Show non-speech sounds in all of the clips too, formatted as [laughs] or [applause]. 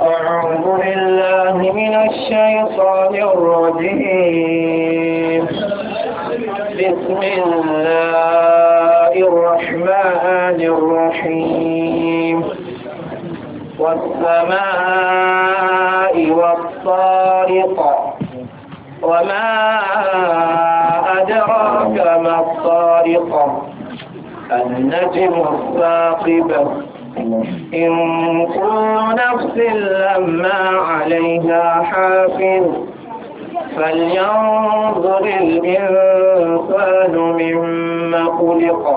أعوذ بالله من الشيطان الرجيم بسم الله الرحمن الرحيم والسماء والطارق وما أدراك ما الطارق النجم الثاقب إن كل نفس لما عليها حافظ فلينظر الإنسان مما خلق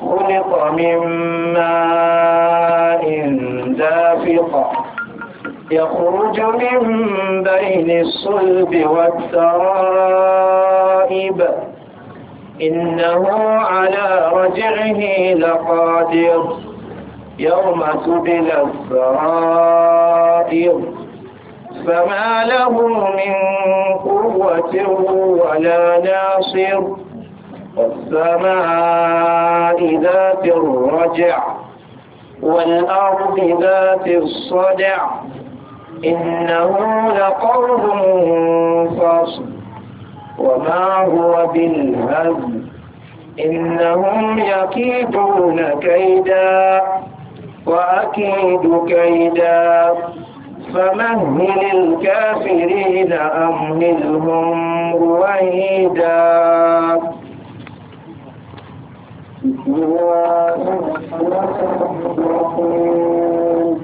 خلق من ماء دافق يخرج من بين الصلب والترائب إنه على رجعه لقادر يوم تبلى السرائر فما له من قوة ولا ناصر والسماء ذات الرجع والأرض ذات الصدع إنه لقول فصل وما هو بالهزل إنهم يكيدون كيداً وأكيد كيدا فمهل الكافرين أمهلهم رويدا بسم الله الرحمن الرحيم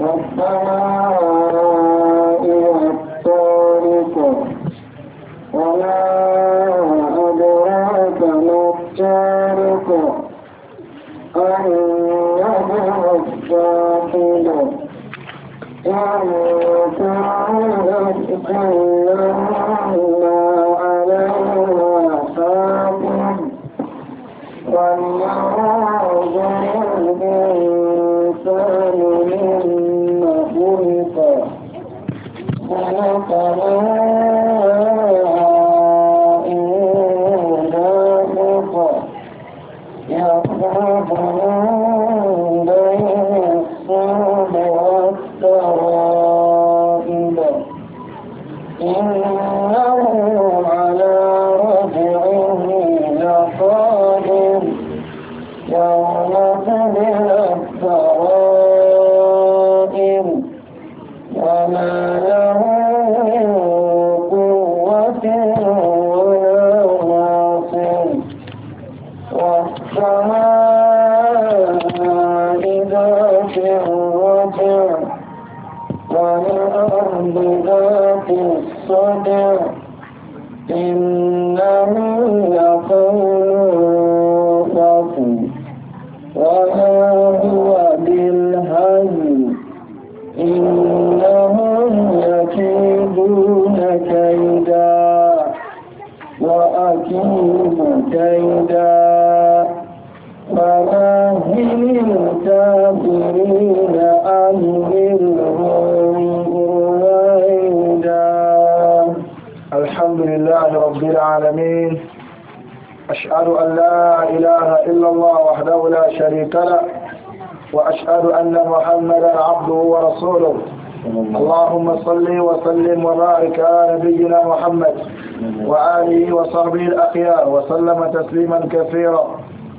والسماء والطارق وما عبده ورسوله اللهم صل وسلم وبارك على نبينا محمد وآله وصحبه الأخيار وسلم تسليما كثيرا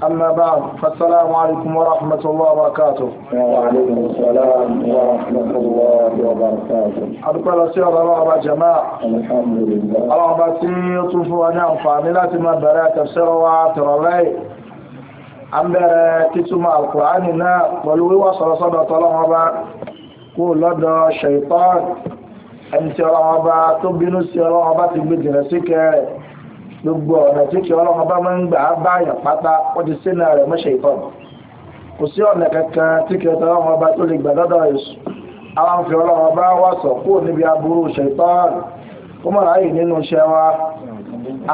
أما بعد فالسلام عليكم ورحمة الله وبركاته وعليكم السلام ورحمة الله وبركاته أبقى لسيارة الله جماعة الحمد لله الله أبا تيطفوا أن أنفع ملاتي من براء تفسير وعاتر الله a bẹ̀rẹ̀ títúmọ̀ alkùránì náà pẹ̀lú wíwọ́ sọ̀rọ̀sọ́dọ̀ tọ́lọ́wọ́ bá kú lọ́dọ̀ ṣẹ̀tán ẹni tí ọlọ́wọ́ bá tó bínú sí ọlọ́wọ́ bá ti sí kẹrẹ̀ gbogbo ọ̀nà tí kí ọlọ́wọ́ bá máa ń gbà báyàn pátá ó ti sínú rẹ̀ mọ́ kò sí ọ̀nà kankan tí kí ọlọ́wọ́ bá tó lè gbà lọ́dọ̀ wa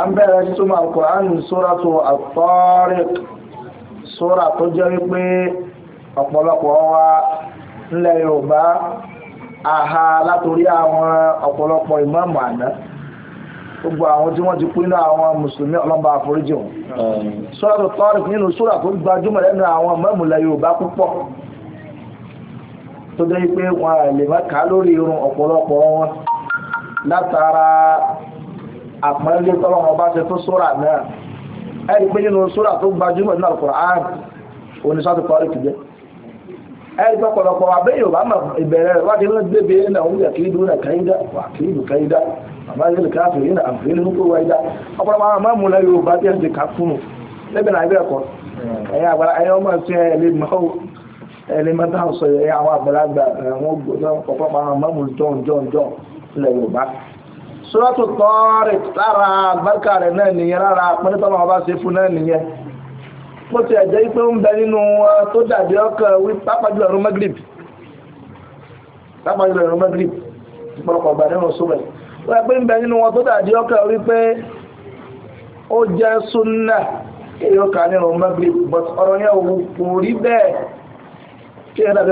ń bẹ̀rẹ̀ títúmọ̀ alkùránì sóràtò sóra tó jẹ́ wípé ọ̀pọ̀lọpọ̀ wa ńlẹ̀ yorùbá aha látòrí àwọn ọ̀pọ̀lọpọ̀ ìmáàmù àná gbogbo àwọn tí wọ́n ti pín ní àwọn mùsùlùmí ọlọ́mọba àforíjì wọn sóra tó tọ́rì nínú sóra tó gbajúmọ̀ lẹ́nu àwọn ìmáàmù ilẹ̀ yorùbá púpọ̀ tó jẹ́ wípé wọn lè má kà lórí irun ọ̀pọ̀lọpọ̀ wọn látara àpọ́nlé tọ́lọ́mọba ṣe tó sóra náà ẹ̀rí pé nínú sóra tó gbajúmọ̀ nínú Al-Qur'an onye parí kìjẹ́ ẹ̀rí pé pọ̀lọpọ̀ abẹ́ yorùbá mà ìbẹ̀rẹ̀ wájú ní bébè náà ń yà kìí dúró náà wà kìí dù kàídá àbá yẹn ká fèrè náà àfèrè ní kó wáyé ti fún un sọ́rọ́tù tọ́ọ̀rì lára àgbàkà rẹ̀ náà nìyẹn lára ọba ṣe fún náà nìyẹn mo ti ẹ̀jẹ̀ ikpe ń nínú tó dàbí ọkọ̀ wí pápájú ẹ̀rọ magrib pápájú ẹ̀rọ magrib ọgbà nínú wọ́n pé ń nínú wọn tó dàbí wí pé ó súnà nínú magrib ọ̀rọ̀ yẹn kò rí bẹ́ẹ̀ dàbí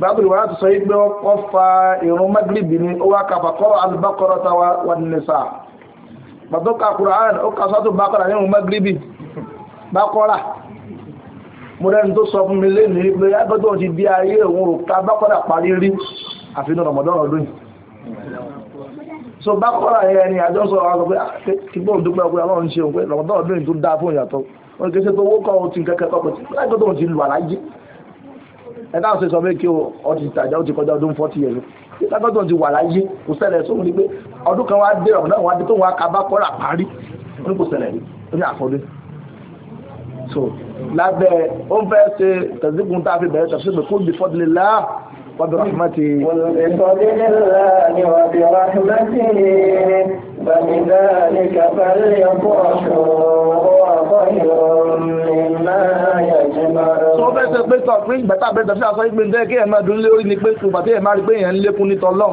bábìlì wàhálà tó sọ yìí pé wọ́n fa ìrun magribi ni ó wá kàfà kọ́rọ̀ alùbákọ́rọ̀ ta wà nìsa bàtó ka Qur'an ó kà sọ́tò bákọ́rọ̀ nínú magribi bákọ́rà mo rẹ́ni tó sọ fún mi lẹ́nu pé agbẹ́jọ́ ti di ayé òun ò ká bákọ́rà parí rí àfihàn Ramadan ọdún yìí so bákọ́rà yẹn ni àjọ sọ̀rọ̀ àwọn pé ah, kígbọ́n dúpẹ́ ọkùnrin àwọn ń ṣe òun pé Ramadan ọdún yìí tó dáa fún ìyàtọ̀ wọn kì í ṣe tó wó kọ́ ohun ẹ̀dá ọ̀sẹ̀ sọ pé kí ọ ti tàjà ó ti kọjá ọdún fọ́tí ẹ̀rọ ìtàkọ́tọ̀ ti wà láyé kò ṣẹlẹ̀ sóhun ni pé ọdún kan wá dé ọ̀rọ̀ náà wá dé tó wọn akaba kọ́ra parí ní kò ṣẹlẹ̀ ní àfọ́dé so lábẹ́ ó ń fẹ́ ṣe tẹ̀síkun tá a fi bẹ̀rẹ̀ tẹ̀síkun kó bí fọ́dúnlélá وبرحمته وبفضل وبرحمته فبذلك فليفرحوا خير مما يجمعون. sọ bẹ́ẹ̀ sẹ́ pé sọ pé ìgbà tá a bẹ̀rẹ̀ tẹ̀síwájú sọ pé ǹjẹ́ kí ẹ̀ máa dún lé orí ni pé ṣùgbọ́n tí ẹ̀ máa rí pé èèyàn ń lékún ní tọ́lọ́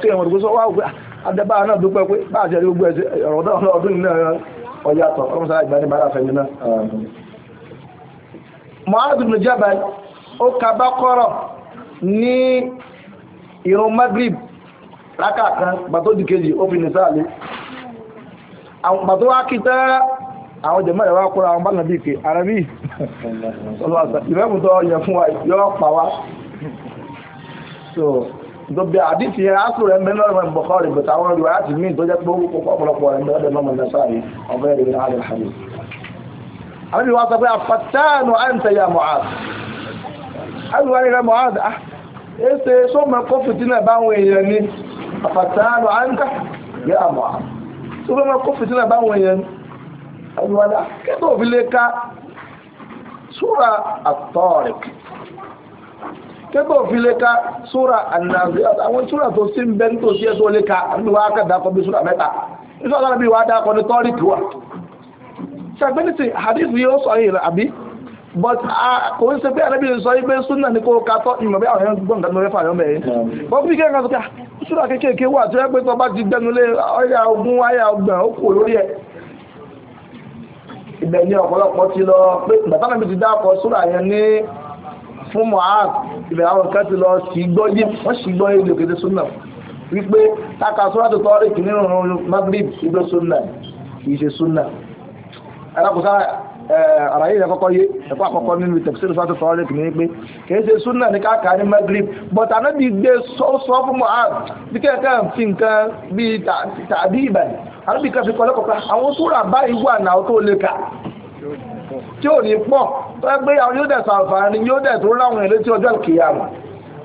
kí ẹ̀wọ̀n ìgbésọ́ wá òkú ah, adẹ́bá náà dúpẹ́ pé bá àṣẹ gbogbo ẹ̀sẹ̀ ọ̀rọ̀ ọdún náà ọyàtọ̀ ọmọsára ìgbà Jabal ó ka ní ìrun Maghrib rákà kan gbàtó di kejì ó fi nìsá àlè gbàtó wá kí tẹ́ àwọn jẹ̀mọ́ ìwà kúra àwọn bánà bíi pé arábí [laughs] ìrẹ́mùtọ́ yẹ fún wa yọ pa wá so dọ̀bẹ̀ àdìsí yẹn aṣọ rẹ̀ ń bẹ lọ́rọ̀ ẹ̀ bọ̀kọ́ rẹ̀ bẹ̀tà àwọn ìwà láti mí tó jẹ́ pé ọ̀pọ̀lọpọ̀ rẹ̀ ń bẹ lọ́dọ̀ lọ́mọ ìdásáre ọ̀bẹ rẹ̀ ní alẹ́ àlè àwọn ìwà sọ pé àfàtánù àǹtẹ̀yà Mu'adh àwọn ìwà rẹ̀ Mu'adh ah, ẹsẹ̀ sọ́mọ kọ́ fìtínà báwọn èèyàn ni àfàtàánù àńkà yẹ àmọ́ sọ́mọ kọ́ fìtínà báwọn èèyàn ni àlùwàlá kẹ́tọ̀ òfin lè ka súra àtọ́rìk kẹ́tọ̀ òfin lè ka súra ànàbí àwọn súra tó sí ń bẹ́ ní tòsí ẹ̀sọ́ lè ka àmì wàá kà meta bí súra mẹ́ta nítorí alábi wàá dákọ̀ ní tọ́rìk wa ṣàgbẹ́ni ti hadith yóò sọ yìí àbí but kò ń ṣe pé àrẹ́bí sọ pé súnà ní kó katọ́ ìmọ̀ bí àwọn èèyàn gbọ́n nǹkan mẹ́fà àwọn mẹ́rin wọ́n fi kẹ́kẹ́ sọ pé ah, súnà kéékèèké wà tó yẹ pé tọba ti gbẹnulé ọyà ogun ayà ọgbọ̀n ó kò lórí ẹ̀ ibẹ̀ ni ọ̀pọ̀lọpọ̀ ti lọ pé bàtà náà ti dáàkọ súnà yẹn ní fún mohad ibẹ̀ àwọn kan ti lọ sí gbọ́ ara yìí ẹ̀kọ́kọ́ yé ẹ̀kọ́ àkọ́kọ́ nínú tafsir sọ́tọ̀ sọ́ọ́lẹ̀ kìíní pé kìí ṣe súnà ní káàkà ní magrib but anábì gbé sọ́ fún Mu'adh bí kẹ́kẹ́ fi nǹkan bí tàbí ìbàdí anábì kan fi kọ́ lẹ́kọ̀ọ́ pé àwọn súrà báyìí wà náà tó lè kà tí ò ní pọ̀ tó ẹgbẹ́ àwọn yóò dẹ̀ sàǹfààní yóò dẹ̀ tó ráwọn èrè tí ọjọ́ àwọn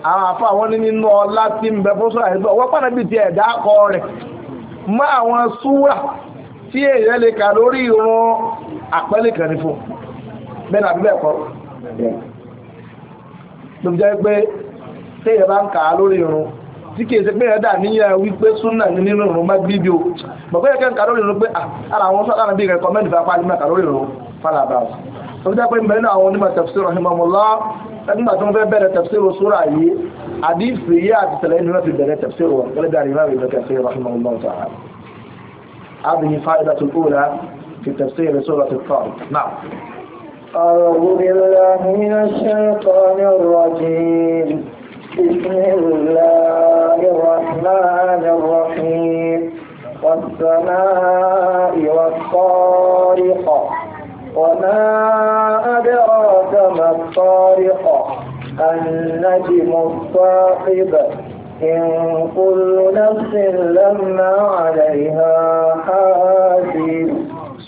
afọ àwọn ń bẹ fún yìí ti ẹ̀dá kọ rẹ̀ àwọn tí èèyàn lè kà àpẹẹlẹ kan ní fún bẹ́ẹ̀ náà bíbẹ̀ kọ́ ló jẹ́ pé téèyàn bá ń kà á lórí irun tí kìí ṣe pé ẹ̀ dà níyà wípé súnà ní nínú irun má bíbí o mọ̀ pé ẹ̀ kẹ́ńkà lórí irun pé ah, ara àwọn sọ́dọ̀ náà bí rẹ̀kọ́mẹ́ndì fapá ní mẹ́ta lórí irun fàlàbà ló jẹ́ pé mẹ́rin àwọn onímọ̀ tafsir rahimahullah nígbà tó ń fẹ́ bẹ̀rẹ̀ tafsir sura yìí àdífì yìí àti tẹ̀lẹ̀ inú náà fi bẹ̀rẹ̀ tafsir wọn gẹ́gẹ́ bí àríwá rẹ̀ lọ́kẹ́ sí rahimahullah ta'ala في تفسير سورة الطارق نعم أعوذ بالله من الشيطان الرجيم بسم الله الرحمن الرحيم والسماء والطارق وما أدراك ما الطارق النجم الصاقب إن كل نفس لما عليها حاسب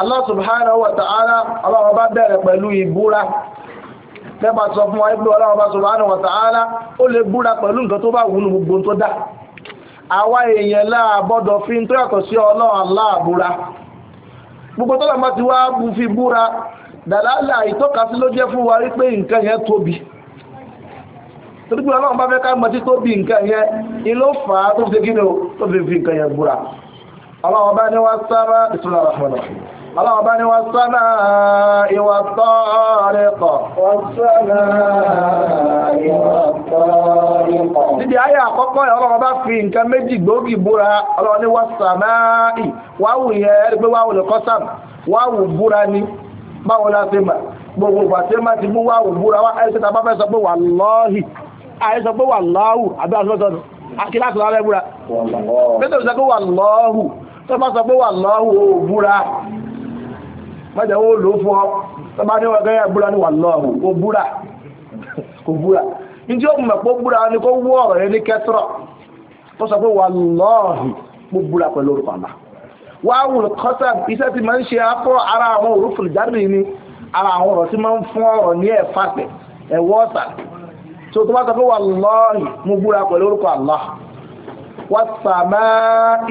Allah subhanahu wa ta'ala Allah bá bẹ̀rẹ̀ pẹ̀lú ìbúra lẹ́bà sọ fún wa ibùdó Allah subhanahu wa ta'ala ó lè búra pẹ̀lú nǹkan tó bá wù ní gbogbo tó dá àwa èèyàn láàbọ́dọ̀ fi ń tó yàtọ̀ sí Ọlọ́run Allah búra gbogbo tó lọ́mọ ti wá bu fi búra dàlálà ìtọ́kasí ló jẹ́ fún wa rí pé nǹkan yẹn tóbi torí pé Ọlọ́run bá fẹ́ ká mọ̀ tí tóbi nǹkan yẹn ilé fà á tó fi kí ni ó tó fi fi nǹkan yẹn búra Allah bá ní wá sábà ìsúná rahman rahim ọlọ́ọ̀bá ni wọ́n sọ́nà ìwà tọ́ọ̀rẹ́kọ̀. àkọ́kọ́ ẹ̀ ọlọ́ọ̀bá fi nǹkan méjì búra ọlọ́ọ̀ni wọ́n sàmà mọ́jẹ̀ ó lò fún ọ tó ní ẹgbúra ní wà lọ́ọ̀hùn kò búra kò búra ó mọ̀ pé búra kó wú ọ̀rọ̀ yẹn ní kẹtọ́rọ̀ tó sọ pé wà lọ́ọ̀hùn kó búra pẹ̀lú orúkọ ara àwọn ara àwọn ọ̀rọ̀ máa ń fún ọ̀rọ̀ ní ẹ̀wọ́ ọ̀sà tó tó bá sọ pé wà wọ́n sàmá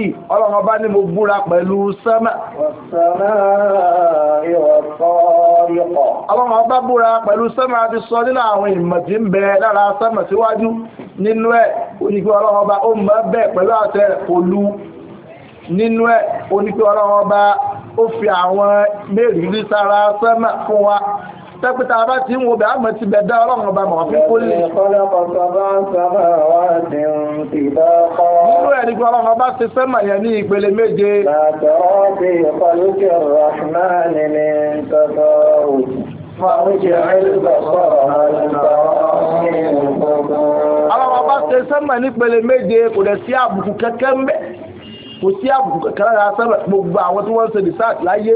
ì ọlọ́run ọba ní mo búra pẹ̀lú sẹ́mà ọlọ́run ọba búra pẹ̀lú sẹ́mà ti sọ nínú àwọn ìmọ̀ tí ń bẹ lára sẹ́mà síwájú nínú ẹ̀ onígbé ọlọ́run ọba ó mọ̀ bẹ́ẹ̀ pẹ̀lú àtẹ olú nínú ẹ̀ onígbé ọlọ́run ọba ó fi àwọn mẹ́rin rí sẹ́mà fún wa tẹ́pítà bá ti ń wo bẹ̀ àmọ́ ti bẹ̀ dá ọlọ́run ọba mọ̀ fún kólé. nínú ẹ̀rí pé ọlọ́run ọba ti fẹ́ mọ̀ yẹn ní ìpele méje. Àwọn ọba ṣe sẹ́mà nípele méje kò dẹ̀ sí àbùkù kẹ́kẹ́ ń bẹ̀. Kò sí àbùkù kẹ́kẹ́ lára sẹ́mà gbogbo àwọn tí wọ́n ń ṣe research láyé.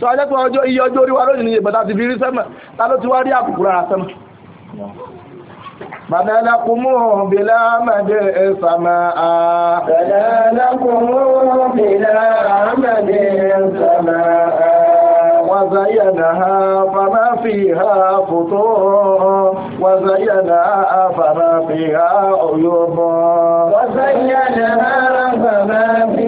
sọ ajẹ́ pé ọjọ́ iye ọjọ́ orí wa lónìí ni ìbọ̀dá ti fi rí sẹ́mà ta ló ti wá rí àbùkù rárá sẹ́mà. Bàdà lákùnmùhùn bí lámàdé ẹ̀sàmà á. Bàdà lákùnmùhùn bí lámàdé ẹ̀sàmà á. وزينها فما فيها فطور وزينها فما فيها عيوب وزينها فما فيها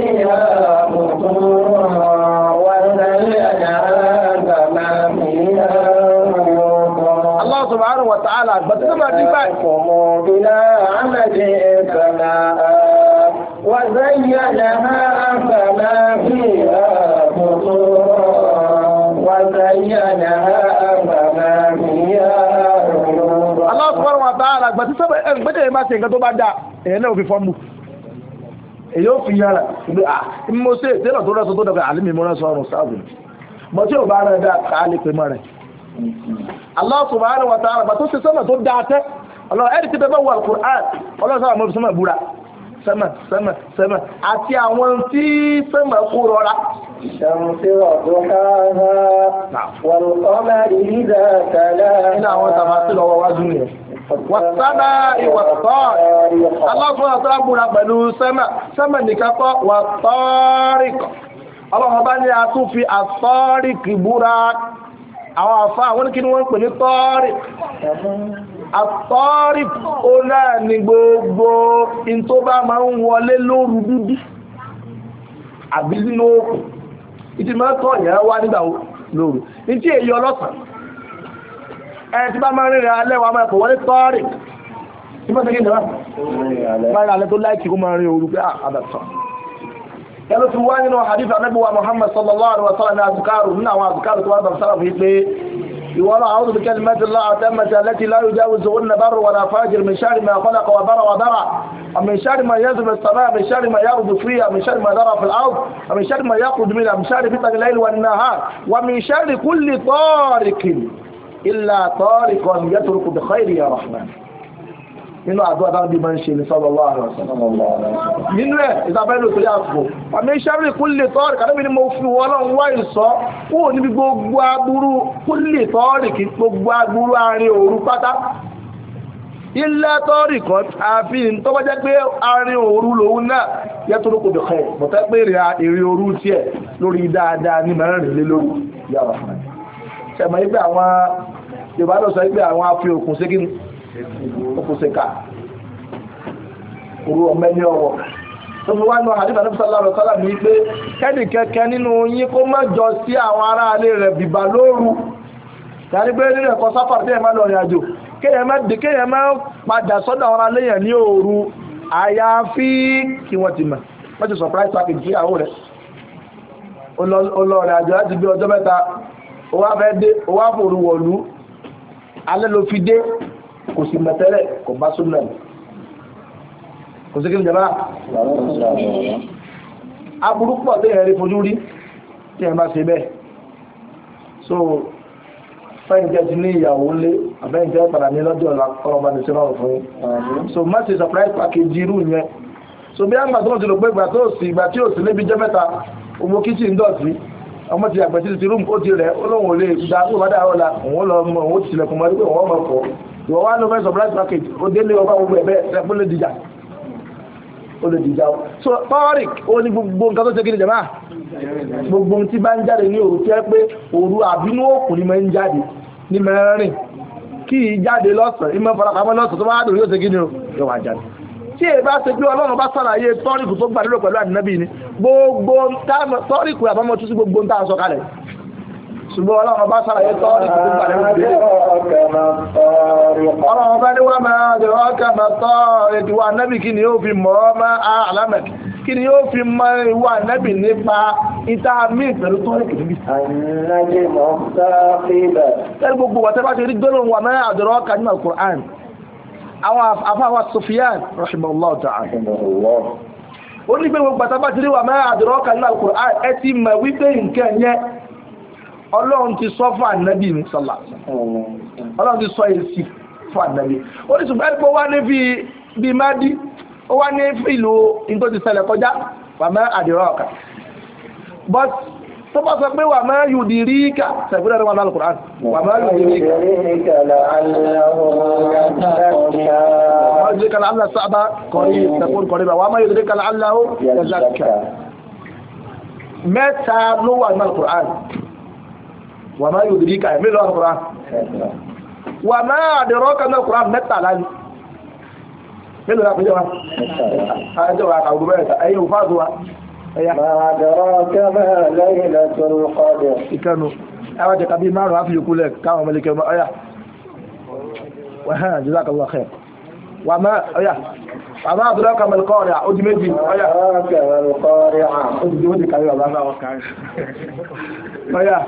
subhanahu wa ta'ala gbàtí tó bá ti gbà. ọmọ ìlà àmàdé ẹ̀fẹ̀nà wà zẹ́yà lẹ́hà àfẹ̀nà fi àbùkù wà zẹ́yà lẹ́hà àfẹ̀nà fi àbùkù. Allah subhanahu wa ta'ala gbàtí tó bá gbẹ́tẹ̀ yẹn bá ṣe nǹkan tó bá dà èyàn náà fi fọ́ọ̀mù èyí ó fi yára ìgbé à ah, mo ṣe ìtẹ́lọ̀ tó rẹ́sọ tó dọ̀kọ̀ àlímì mọ́rẹ́sọ ọ̀rùn sáàbùn mọ́ tí ò bá rẹ̀ dá kàálì pé mọ́ rẹ̀ Allah subhanahu wa ta'ala bá tó ṣe sọ́nà tó dáa tẹ́ ọlọ́run ẹ̀rí tí bẹ́ẹ̀ bá Al-Qur'an Allah sama mọ́ fi sọ́mà búra sẹ́mà sẹ́mà sẹ́mà àti àwọn tí sẹ́mà kó rọra. Ṣàmùsí ọ̀dọ́ káàkà wàlùkọ́mà ìlídà tàlá. Nínú àwọn tàbá sí lọ́wọ́ wájú nìyẹn. Wàsábà ìwàsọ́ọ̀rì. Aláfún àtúrà búra pẹ̀lú sẹ́mà. Sẹ́mà nìkan kọ́ wàsọ́ọ̀rì kan. Ọlọ́run bá ní a fi àsọ́ọ̀rì kì àwọn àfá àwọn kí ni pè ní tọ́ọ̀rì àtọ́ọ̀rì ni gbogbo in tó bá ma ń wọlé lóru dúdú àbí nínú òkú ìtì máa tọ́ ìyá wá nígbà lóru ní tí èyí ọlọ́sàn ẹni ti bá máa rìnrìn alẹ́ wa máa pọ̀ wọlé tọ́ọ̀rì tí bá máa alẹ́ tó láìkì kó máa ẹnu tí wá nínú hadith anábíwá muhammad sallallahu alaihi wa sallam ní azukaru nínú àwọn azukaru tó wá bàbá sára fún pé ìwọ́n àwọn olùdókè mẹ́tìlá àtẹ́mẹ́tì alẹ́tì láyé jáwé zòwò ní bára wà náà fájìrì mi ṣáàrì máa kọ́lá kọ́ wà bára wà dára àmì ṣáàrì máa yẹ́sùn mi sàmá àmì ṣáàrì máa yàrù dùn fúri àmì ṣáàrì máa dára fìlà áwù àmì ṣáàrì máa yàkùn dùn mí àmì ṣáàrì fìtà ní láyé nínú àdúrà dáwọn bí máa ń ṣe ní sallallahu alaihi wasallam nínú ẹ̀ ìsàbẹ̀lò tó yà fò àmì ìṣẹ́rì kulli tọ́ọ̀rì kàdébí ni mo fi wọ́n lọ́n wá ìsọ́ kúrò níbi gbogbo agbúrú kulli tọ́ọ̀rì kí gbogbo agbúrú àárín òru pátá ilẹ̀ tọ́ọ̀rì kan àfi tó bá jẹ́ pé àárín òru lòun náà yẹ tó lóko dọ̀kẹ́ bọ̀tẹ́ pé èrè òru tiẹ̀ lórí dáadáa ní mẹ́rin lé lórí yàrá ṣẹ̀mọ̀ ẹgbẹ́ àwọn Yorùbá lọ àwọn afi òkun ṣégin okùsẹ̀ka òru ọmọ ẹni ọwọ́ tó fi wá ní ọ̀hàdí ìbàdàn sọ́lá rẹ̀ sọ́lá mi pé kẹ́ni kẹ́kẹ́ nínú yín kó má jọ sí àwọn ará alẹ́ rẹ̀ bìbà lóru yàrá pé nínú ẹ̀kọ́ sáfàrà tẹ́yẹ̀ má lọ rìn àjò kéèyàn má padà sọ́dọ̀ àwọn alẹ́ yẹn ní òru àyàfi kí wọ́n ti mọ̀ wọ́n ti surprise package fún àwọn rẹ̀ olóòrìn àjò láti bí ọjọ́ mẹ́ta ó wá fẹ́ dé ó wá fòrú wọ̀lú alẹ́ ló fi dé kò sì mọ̀ tẹ́lẹ̀ kò bá súnà kò sí kí n jẹba aburú pọ̀ tí ẹ̀rí fojú rí tí ẹ̀ bá ṣe bẹ́ẹ̀ so fẹ́ǹjẹ́ ti ní ìyàwó lé àbẹ́ǹjẹ́ padà ní lọ́jọ́ ọ̀la kọ́lọ́ba ní sí lọ́rùn fún yín so má ṣe surprise package irú yẹn so bí àgbà tó ń ti lò pé ìgbà tó sì ìgbà tí ò sí níbi jẹ́ mẹ́ta owó kìtì ń dọ̀tí ọmọ ti àgbẹ̀ títí rúùmù ó ti rẹ̀ ó lóun ò lè dá kó bá dáa ọ̀la òun lọ mọ òun ti tilẹ̀kùn mọ́ ìwọ wá ló fẹ́ surprise package ó délé ọba gbogbo ẹ̀bẹ́ ẹ̀fún lè dìjà ó lè dìjà ó so tọ́rìk ó ní gbogbo nǹkan ni jẹ̀má gbogbo tí bá ń jáde ní òru ni mẹ́ ń jáde ní mẹ́rin kí ì jáde lọ́sàn ìmọ̀ farapamọ́ lọ́sàn tó bá dùn yóò ṣe kí ni o yóò wá jáde tí èyí bá ṣe bí ọlọ́run bá sàlàyé tọ́rìkù tó gbà nílò pẹ̀lú àdínábì ni gbogbo tọ́rìkù àbámọ́ tún sí gbogbo ń tà sọ kalẹ̀ ṣùgbọ́n ọlọ́run bá sàlàyé tọ́ ní ìlú pàdé rẹ̀. ọlọ́run kí ni yóò fi mọ ìwà nípa ìta pẹ̀lú tó mọ̀ gbogbo ti rí àdọ̀rọ̀ nínú àwọn ọlọ́run ti sọ fún ànábì ní sọ́là ọlọ́run ti sọ èsì fún ànábì ó ní ṣùgbọ́n ẹ̀pọ̀ wá ní fi bí mádí ó wá ní ìlú ìtò ti ṣẹlẹ̀ kọjá wàmẹ́ àdìrọ̀ ọ̀kà but tó bá sọ pé wàmẹ́ yùdì rí ká sẹ̀gbẹ́rẹ́ rẹ̀ wà náà lùkùrán wàmẹ́ yùdì rí ká yùdì ká làálà sábà kọrí ìtẹ̀kùn kọrí bá wàmẹ́ yùdì rí ká làálà ó yẹ mẹ́ta ló wà náà wà máa yóò dìrí káyà mélòó àkùrá wà máa àdìrọ́ kan náà kùrá mẹ́tàlá ni mélòó àkùrá jẹ́ wa àjọ wa àkàwùrú bẹ́ẹ̀ ta ẹ̀yin òfà àdúrà ẹ̀yà. máa àdìrọ́ kẹ́mẹ́ lẹ́yìn lẹ́tọ̀ọ́ kọ́dẹ̀. ìkànnù àwọn jẹ̀ka bíi márùn-ún àfihàn lẹ̀ káwọn mẹ́lẹ̀kẹ́ ọmọ ọ̀yà wàhán jazakallah khair wà máa ọ̀yà wà máa àdúrà kàmẹ́ lẹ́kọ́ọ̀rẹ́ ojú méjì ọ̀yà. ọ̀yà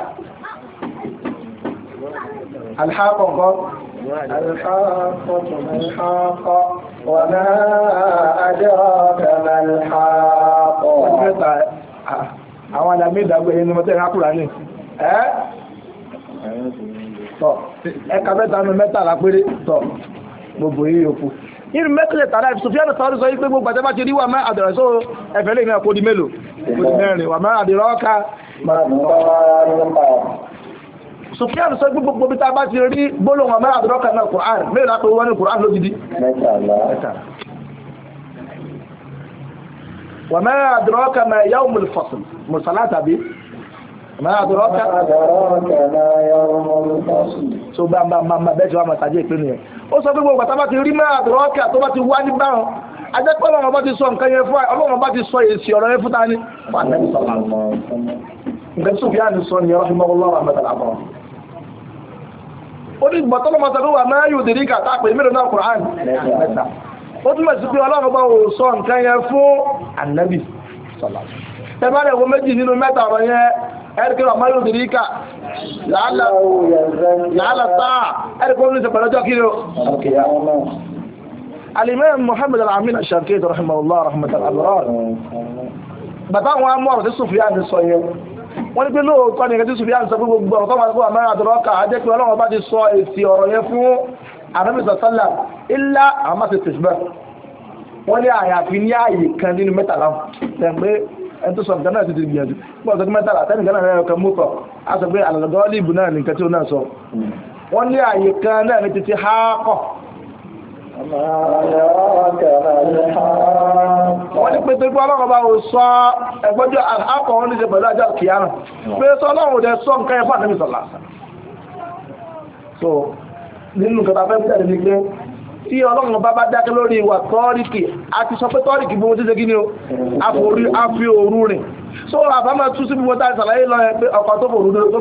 الحاقة الحاقة ما وما ما àwọn àdàmì ìdàgbé ẹni mọ́tẹ́ ní ẹ́ tọ́ ẹka mẹ́ta mẹ́ta tọ́ gbogbo mẹ́tẹ̀lẹ̀ tààrà sọ gbogbo ti ẹ̀fẹ́ lè ní ọkọ̀ di mélòó Sufyan sọ pé gbogbo bí ta bá ti rí gbólóhùn ọmọ àdúrọ́kà náà Qur'an mẹ́rin lápẹ́ wọ́n ní Qur'an lójijì wà mẹ́rin àdúrọ́kà ma yawmul fasl mùsàlá tàbí mẹ́rin àdúrọ́kà so bá bá bá bẹ́ẹ̀ tí wọ́n mọ̀ sàdí ìpínu yẹn ó sọ pé gbogbo bàtà bá ti rí mẹ́rin àdúrọ́kà tó bá ti wá ní báwọn ajẹ́pẹ́ ọlọ́run bá ti sọ nǹkan yẹn fún ọlọ́run bá ti sọ èsì ọ̀rọ̀ yẹn fún ta ni. nǹkan tó fi àná sọ ni ọlọ́run mọ́ ọlọ́run àmọ́ ó ní ìgbọ̀n tọ́lọ́mọ sọ pé wà máa Qur'an mẹ́ta ó túmọ̀ sí pé ọlọ́run bá wò sọ nǹkan yẹn fún ànábì ẹ bá rẹ̀ wo méjì nínú mẹ́ta ọ̀rọ̀ yẹn ẹ̀rìkẹ́ wà máa yóò dèrí kà táà ẹ̀rìkẹ́ wọn ní sèpẹ̀lẹ́ ọjọ́ kiri o. alimẹ́ Muhammad al-amin al-Sharqi rahimahullah rahmatul abrar bàtà àwọn amú ọ̀rọ̀ sí Sufyan sọ yẹn wọ́n ní pé lóòótọ́ ni ẹ̀kẹ́tí sùfíà ń sọ pé gbogbo ọ̀rọ̀ tọ́wọ́ àgbà mẹ́rin àtọ́lọ́kà ajẹ́ pé ọlọ́run bá ti sọ èsì ọ̀rọ̀ yẹn fún àrẹ́bìsà sálà ilá àmásẹ̀ tẹ̀síbẹ̀ wọ́n ní àyàfi ní ààyè kan nínú mẹ́tàlá tẹ̀gbé ẹni tó sọ nǹkan náà ti ti gbìyànjú pọ̀ sọ pé mẹ́tàlá tẹ́nìkan wọ́n ní pé pípọ́ ọlọ́run bá wò sọ ẹgbẹ́jọ́ akọ̀ wọn níṣe pẹ̀lú ajá kìíyàrá pé sọ ọlọ́run dẹ sọ nǹkan ẹ̀fà níbi sọ̀lá so nínú nǹkan tàbí ẹgbẹ́ tẹ̀lé ní pé tí ọlọ́run bá bá dákẹ́ lórí ìwà tọ́ríkì àti sọ pé tọ́ríkì bí wọ́n ti ṣe kí ni o àfi òru rìn so àbámọ̀ tún sí gbogbo táì sàlàyé lọ ẹ pé ọkọ̀ tó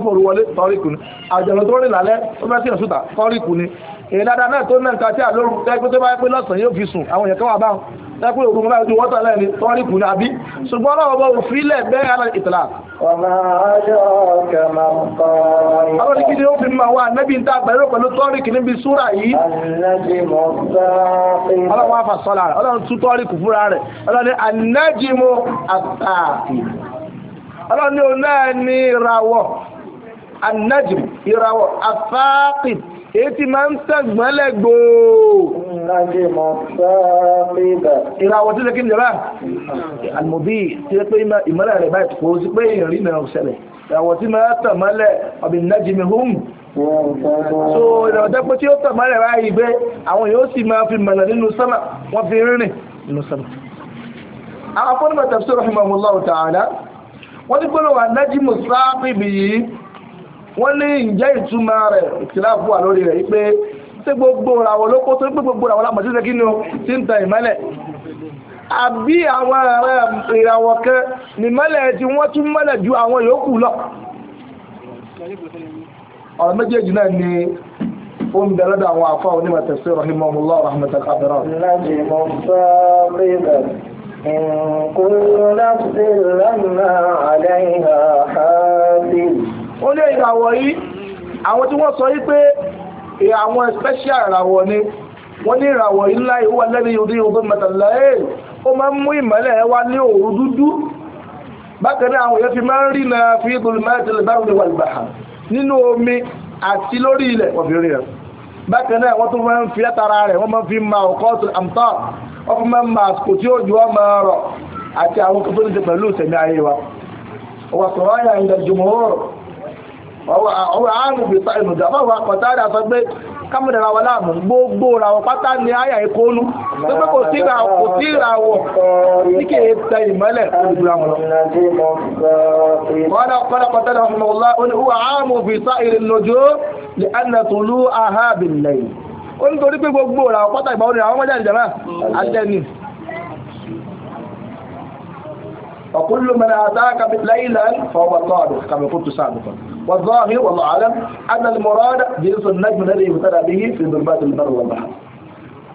fòrú wọlé tọ́ríkù ni àjọ̀rọ̀ tó rìn lálẹ́ tó fẹ́ sí ọ̀ṣùtà tọ́ríkù ni èyí dáadáa náà tó náà kàtí àlóòrùn tẹ́gbé tó bá pé lọ́sàn yóò fi sùn àwọn èèyàn wà báwọn tẹ́gbé ògùn bá ojú wọ́tọ̀ lẹ́ni tó wọ́n rí kù àbí ṣùgbọ́n ọlọ́wọ́ bọ́ òfìlẹ̀ bẹ́ẹ̀ ìtìlá ọlọ́run ìràwọ̀ anájìmọ́ èyí tí máa ń tẹ̀gbọ́n lẹ́gbòó. ìràwọ̀ tí ó lè kí ni jọba àlùmọ̀bí tí ó pé ìmọ́lẹ̀ rẹ̀ báyìí kò sí pé èèyàn rí mẹ́rin ṣẹlẹ̀ ìràwọ̀ tí máa tàn mọ́lẹ̀ ọ̀bìn náà jimi hum. so ìràwọ̀ tẹ́pẹ́ tí ó tàn mọ́lẹ̀ báyìí gbé àwọn yóò sì máa fi mọ̀nà nínú sánmà wọ́n fi rìnrìn nínú sánmà. àwọn afọ́nimọ̀ tafsir rahimahullahu ta'ala wọ́n ti gbọ́dọ̀ wà náà jí wọ́n ní ìjẹ́ ìtumọ̀ rẹ̀ ìtìláàfù wà lórí rẹ̀ wípé tí gbogbo ràwọ̀ ló kó tó pé gbogbo ràwọ̀ lámọ̀ títẹ́ kí ni ń tẹ ìmọ́lẹ̀ àbí àwọn ìràwọ̀ kan ní mọ́lẹ̀ tí wọ́n tún mọ́lẹ̀ ju àwọn yòókù lọ ọ̀rọ̀ méjèèjì náà ni ó ń bẹ lọ́dọ̀ àwọn afọ́ onímọ̀ tẹ̀sí rahimahullah rahmatul abdullah إن كل نفس لما ó lé ìràwọ̀ yìí àwọn tí wọ́n sọ yí pé àwọn special ìràwọ̀ ni wọ́n ní ìràwọ̀ yìí ńlá ìwọ́ lẹ́bí ìdí ogun mẹ́tàlá ẹ̀ ó máa ń mú ìmọ́lẹ̀ wá ní òru dúdú bákan àwọn èèyàn fi máa ń rí na fi ìgbòlù mẹ́tàlá báwọn ìwà ìgbà ọwọ́ àrùn gbèsà ìnùjà fáwọn akọ̀tàdà sọ pé kámúdàrà wà láàmú gbogbo ìràwọ̀ pátá ni àyà ìkónú tó pé kò sí ìràwọ̀ tí kìí tẹ ìmọ́lẹ̀ olùgbòràn lọ. wọ́n dákọ̀dá kọ̀tàdà ọmọlá oníhùwà àrùn gbèsà ìrìnlójó lè ẹnà tòlú àhábìlẹ̀ ó ń torí pé gbogbo ìràwọ̀ pátá ìgbà orin àwọn ọmọdé àjẹmọ́ àjẹni وكل من أتاك ليلا فهو صادق كما والظاهر والله أعلم أن المراد جنس النجم الذي يبتلى به في ضربات البر والبحر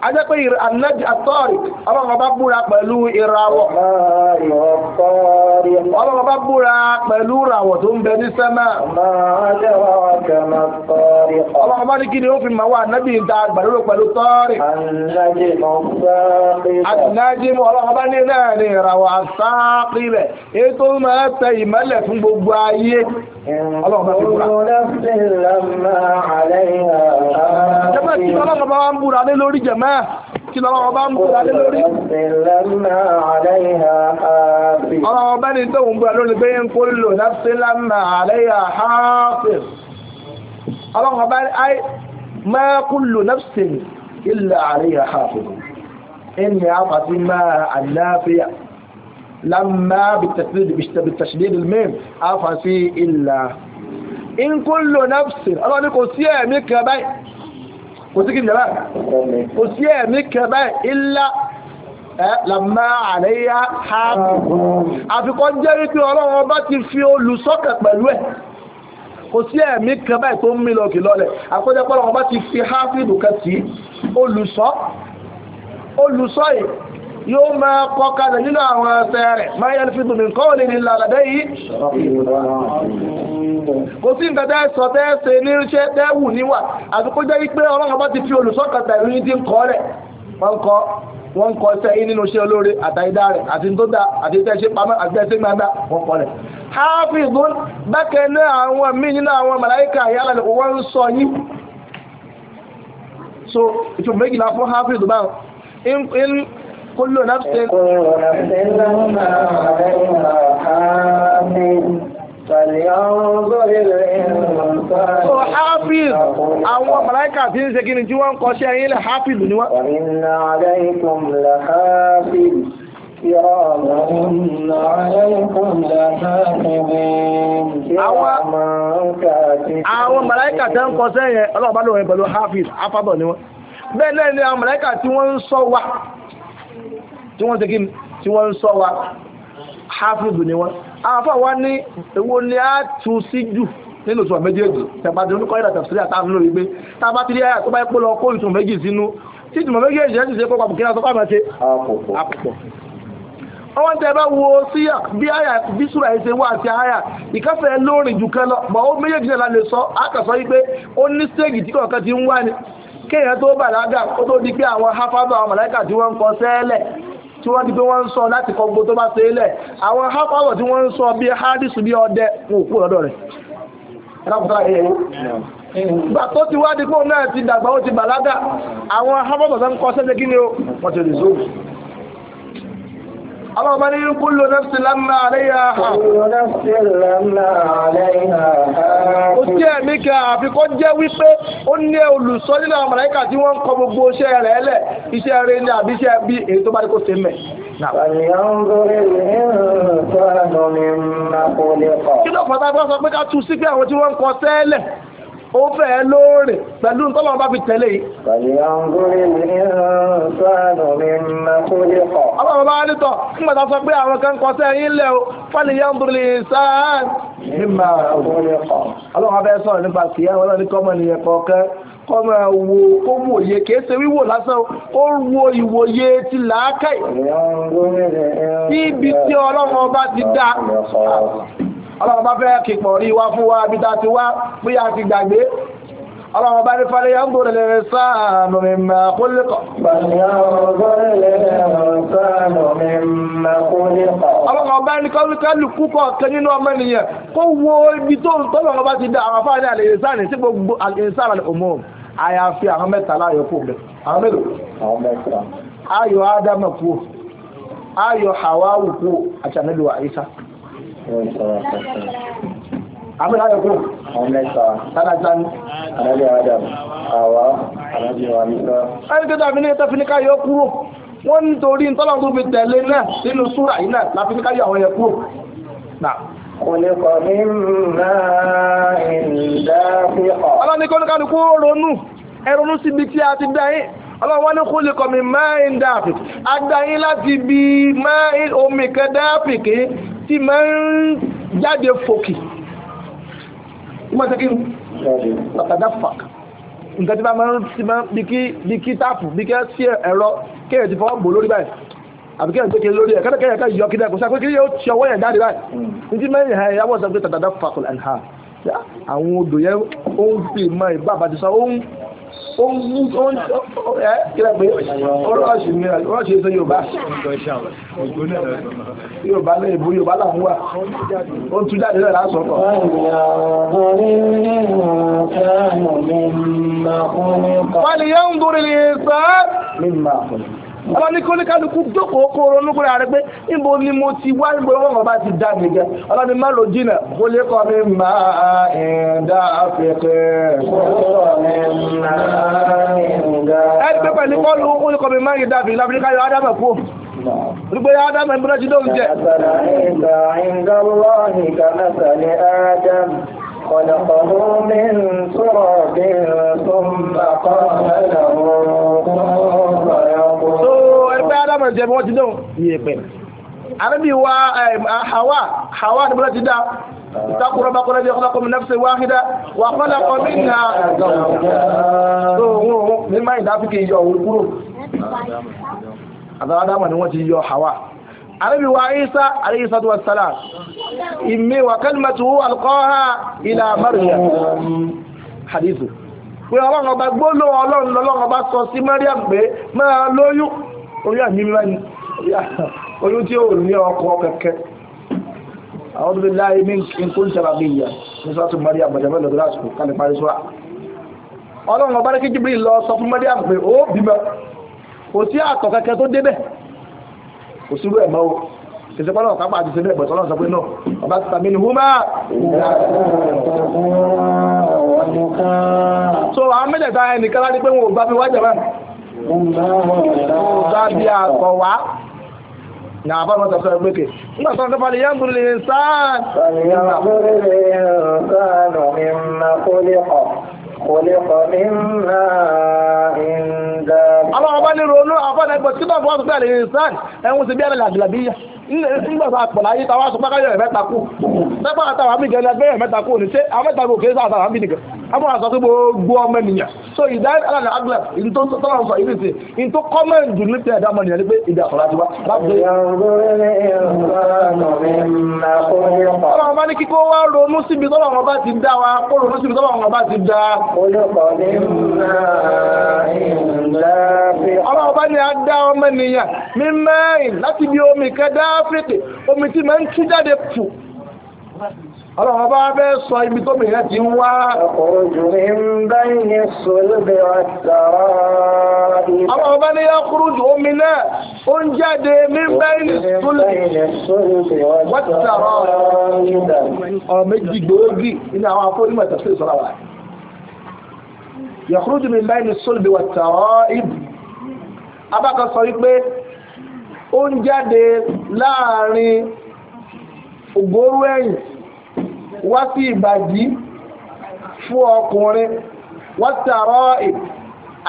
ajẹ́ pé anájì àtọ́rìk ọlọ́run ọba búra pẹ̀lú ìràwọ̀ ọlọ́run ọba búra pẹ̀lú ìràwọ̀ tó ń bẹ ní sẹ́mà ọlọ́run ọba ní kí ni ó fi màwà anábì ń ta gbàlúrò pẹ̀lú tọ́rìk anájì mọ́ ọlọ́run ọba ní náà ní ìràwọ̀ àsáàpì rẹ̀ ètò máa tẹ ìmọ́lẹ̀ fún gbogbo ayé Kí lọ́wọ́ bá ń búra lé lórí? Ọ̀rọ̀ ọ̀bẹ́ ni tó ń búra lórí pé ń kó lò láti lámà àlẹ́yà hafiz. Ọlọ́run ọba ai máa kún lò nafsin ilẹ̀ àlẹ́yà hafiz. Ẹni لما بالتشديد بالتشديد الميم أفسي إلا إن كل نفس الله نقول سيئة ميك باي وتكين جماعة وسيئة ميك باي إلا làmá àlẹ́yà hàbù àfikọ́ jẹ́ wípé ọlọ́run ọba ti fi olùsọ́kẹ̀ pẹ̀lú ẹ̀ kò sí ẹ̀mí kan báyìí tó ń mí lọ́kì lọ́lẹ̀ àkójẹ́pọ̀ ọlọ́run ọba ti fi hàbù kẹtì olùsọ́ olùsọ́ yìí yóò máa kọ kalẹ̀ nínú àwọn ẹsẹ̀ rẹ̀ máa yẹ fi dùnmí kọ́ lè nílò àlàdé yìí kò sí nǹkan tẹ́ sọ ní iṣẹ́ tẹ́ níwà àti jẹ́ pé ọlọ́run ti fi olùsọ́kàtà ìlú yìí ń kọ́ rẹ̀ wọ́n kọ́ wọ́n kọ́ iṣẹ́ yìí nínú iṣẹ́ olóore àtàyídá rẹ̀ àti tó dá àti iṣẹ́ ṣe pamọ́ àti iṣẹ́ gbàgbà wọ́n kọ́ rẹ̀ hafizun bákẹ́ ní àwọn míì nínú àwọn màláìka yálà ni wọ́n sọ yìí so ìtumọ̀ méjìlá fún hafizun báwọn كل نفس Hafiz, àwọn màláíkà tí ń ṣe kí ni tí wọ́n ń kọ́ sí ẹ̀yìn ilẹ̀ Hafiz ni wọ́n. Inna alaykum la Hafiz, kiraman alaykum Àwọn màláíkà tí wọ́n. ń ṣọ́ wa tí wọ́n ti kí tí wọ́n ń sọ wa hafizu ni wọ́n àfà wá ní èwo ni a tu sí jù nínú ìtumọ̀ méjèèjì tẹ̀pàdé oníkọ́ ìdà tẹ̀sílẹ̀ àtàwọn olórí gbé tá a bá ti rí àyà tó bá pé lọ kó ìtumọ̀ méjì sínú tí ìtumọ̀ méjèèjì ẹ̀ sì ṣe kópa bùkínà tó pàmò ṣe àpòpọ̀ ọwọ́n tẹ bá wo sí bí àyà bí súra yìí ṣe wá àti àyà ìkẹfẹ́ lórin jù kan lọ bọ̀ ó méjèèjì náà lè sọ àkàsọ yìí ó ní stéèjì tí kọ̀ọ̀kan ti ń wá ni kéèyàn tó bàlágà ó tó di pé àwọn háfábà àwọn màláìkà tí wọ́n ń kọ sẹ́ẹ̀lẹ̀ tí wọ́n di wọ́n ń sọ láti kọ gbogbo tó bá ṣe lẹ̀ àwọn hápáwọ̀ tí wọ́n ń sọ bí hádìsù bí ọdẹ wọn ò lọ́dọ̀ rẹ̀ ìgbà tó ti wá di náà ti dàgbà ó ti bàlágà àwọn hápáwọ̀ tó ń kọ́ ọlọ́ọ̀bá ní kullu nafsin lamma 'alayha ó tí ẹ̀mí kan àfikọ́ jẹ́ wípé ó ní olùsọ nínú àwọn màláíkà tí wọ́n ń kọ gbogbo iṣẹ́ rẹ̀ ẹlẹ̀ iṣẹ́ rẹ̀ ní àbí iṣẹ́ bí èyí tó bá ní kó ṣe mẹ́ kí lọ́pàá tá a sọ pé ká tú sí pé àwọn tí wọ́n ń kọ sẹ́ẹ̀lẹ̀ ó fẹ́ lóòrè pẹ̀lú tọ́lọ̀ bá fi tẹ̀lé yìí. ọlọ́run o fàlìyàn dúró sáà. mímà ọlọ́run abẹ́ sọ̀rọ̀ nípa kó mú òye kìí wíwò lásán ó wo ìwòye ti làákàyè. níbi tí ọlọ́run ọba ti dá ọlọ́run bá fẹ́ kìpọ̀ rí wá fún wa bí ta ti wá bí a ti gbàgbé ọlọ́run bá ní falẹ̀ yà ń bò lè sáànù mi mà kó lẹ́kọ̀. ọlọ́run bá ní kọ́lùkọ́lù púpọ̀ kan nínú ọmọ ènìyàn kó wo ibi tó ń tọ́lọ́run bá ti kú ayọ̀ hawa kú àti ànábì wa Amir ayọ̀kú, àwọn mẹ́ta, Tánàtán, Anábí Adam, Àwá, Anábí Wàmísá. Ẹni tó dàbí ní ẹ̀tọ́ fi ní káyọ kúrò, wọ́n ń torí tọ́lọ̀dú fi tẹ̀lé náà nínú súrà yìí náà láti fi káyọ àwọn yẹ kúrò. Nà. Kòlẹ́kọ̀ ní máa ń dá yín ọlọ́wọ́n ní kúlì kọmi máìn dáàfì adáyín láti bí máìn omi kan dáàfì kí tí máa ń jáde fòkì ìmọ̀sẹ̀kí pàtàdáfà nǹkan tí bá máa ń ti máa bí kí táàpù bí kí sí ẹ̀rọ kéèyàn ti fọwọ́ bò lórí báyìí àbí kéèyàn gbé kiri lórí ẹ̀ kẹ́lẹ́ kéèyàn ká yọ kílẹ̀ kó sáà pé kí yóò ti ọwọ́ yẹn jáde báyìí hmm. ní ti máa ń yàn ẹ̀yà wọ́n sọ pé àwọn odò yẹn ó ń fi mọ ìbá àbájọ ó ń ó mú ẹ́ kílẹ̀ pé ọlọ́ọ̀ṣì ní ọlọ́ọ̀ṣì èso Yorùbá Yorùbá náà ìbú Yorùbá làwọn wà ó ń tú jáde náà lásán pọ̀. wọ́n ni yóò ń dúró ní sọ́ọ́ ọlọ́run ní kóníkálukú jókòó kó ronú kúrò àrẹ pé níbo ni mo ti wá níbo ni wọ́n bá ti dá mi gẹ ọlọ́run má jìnà kó lè kọ́ mi má ẹ̀ẹ́dá afẹ́fẹ́. ẹ pẹ̀lú kọ́ọ̀lù kó lè kọ́ mi má ẹ̀ẹ́dá afẹ́fẹ́ láfíríkà yọ ádámẹ̀ kú rúgbé ádámẹ̀ ìbúrọ̀ jí lóhun jẹ. خلقه من تراب ثم قال له náà jẹ́ wọ́n ti dán yẹ̀pẹ̀ àrẹ́bí wa eh, hawa hawa ni bọ́lá ti dá اتقوا ربكم الذي خلقكم من نفس واحده وخلق منها زوجها مما ينافق يو القرون hawa arabi wa isa alayhi salatu wassalam immi wa kalmatuhu alqaha ila maryam hadithu pé ọlọ́run ọba gbólóhùn ọlọ́run lọ́lọ́run ọba sọ sí maryam pé máa lóyún orí àmì mímá ni oyún tí ó ní ọkọ̀ kẹ̀kẹ́ àwọn tó fi láyé ní kó ń sábà bí ìyá ní sọ́tù maria bàjẹ́mẹ́ lọ́dọ̀ lásìkò kálí parí sọ́ra ọlọ́run ọba ní kí jibril maria pé ó bímọ kò sí àtọ̀ kẹ̀kẹ́ tó débẹ̀ kò sí rẹ̀ mọ́ o kìsẹ́ pọ́lọ́ ọ̀ká pàdé sí ẹgbẹ̀tọ́ lọ́sọ pé náà ọba ti so àwọn mẹ́tẹ̀ẹ̀ta ẹnìkan láti pé wọn ò bá fi Ọ̀gá bí a kọ̀ wá. Nà àbá wọn tàbí sọ̀rọ̀ gbékè. Nígbà sọ̀rọ̀ tọ́pàá lè yẹ́ ń lè sáàn. Ọlọ́run bá ní ronú àbá ẹgbẹ̀ tí bá fọ́ nígbàtà pọ̀láyé tàwa sọ pákáyọ̀ mẹ́ta kú sẹ́pà àtàwà mí gẹ̀ẹ́lẹ́ gbẹ́yọ̀ mẹ́ta kú ní ṣé amẹ́ta kò kéésà àtàwà mí nìkan amọ̀ àṣọ pé gbogbo ọmọ ènìyàn so ìdá alàlà agbẹ́ ìtò tọ́lá sọ ìlú ìtò kọ́mẹ́ǹt jù nípa ẹ̀dá ọmọ ní pé ìdá ọ̀rọ̀ àti wá. tọ́lá bá ní kíkó wá áfíríkì omi tí máa ń tú jáde pù ọlọ́run bá bẹ́ sọ ibi tó mìíràn ti ń wá ọ̀rọ̀ jù ní ń bá yẹn sọ lóbi àtàrà ọlọ́run bá ní yọkúrú jù omi náà ó ń jáde ní bẹ́ẹ̀ni sólè wọ́tàrà ọ̀rọ̀ méjì gbòógì nínú àwọn afọ́nímọ̀ ìtàkùn ìsọ̀rọ̀ wa yọkúrú jù ní bẹ́ẹ̀ni sólè wọ́tàrà ìbù abákan sọ wípé ó ń jáde láàrin ògbóró ẹ̀yìn wá sí ìbàdí fún ọkùnrin wọ́n tààrọ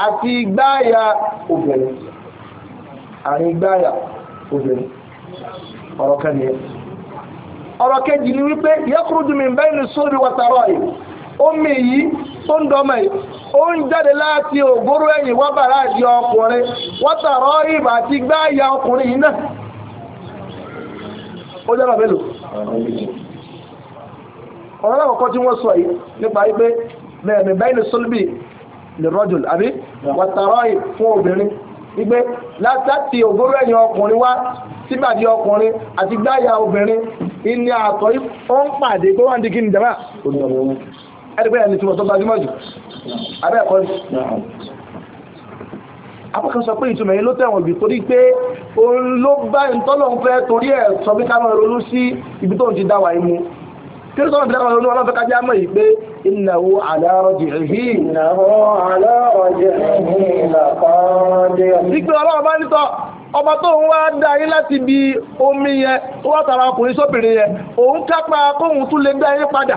àti igbáyà obìnrin àrin igbáyà obìnrin ọ̀rọ̀ kan ni ọ̀rọ̀ kejì ni wípé yẹ́kùrúdùmí bẹ́ẹ̀ ni sórí wọ́n tààrọ yìí omi yìí tó ń dọmọ yìí ó ń jáde láti ògbóró ẹ̀yìn wá bàrá àti ọkùnrin wọ́n tààrọ ìbà àti gbáàyà ọkùnrin yìí náà ó jẹ́ bàbá èlò ọ̀rọ̀ lákọ̀ọ́kọ́ tí wọ́n sọ yìí nípa wípé mẹ́rin báyìí ní sọ́lbì lè rọ́jùl àbí wàtàrọ́ fún obìnrin wípé láti ògbóró ẹ̀yìn ọkùnrin wá síbàdí ọkùnrin àti gbáyà obìnrin ìní àtọ́ ó ń pàdé tó wà ní kí ni jàmá ẹgbẹ́ ẹni tí wọ́n tó gbajúmọ̀ jù abẹ́ẹ̀kọ́ ni apákan sọ pé ìtumọ̀ yìí ló tẹ̀wọ̀n jù torí pé òun ló bá ìtọ́lọ̀ torí ẹ̀ sọ bí káwọn ronú sí ibi tó ń ti dáwà imú kí ló sọ́nà ọba tó ń wá dá láti bi omi yẹn ó wá ọkùnrin sóbìnrin yẹn òun kápá kóhun tún lè dá padà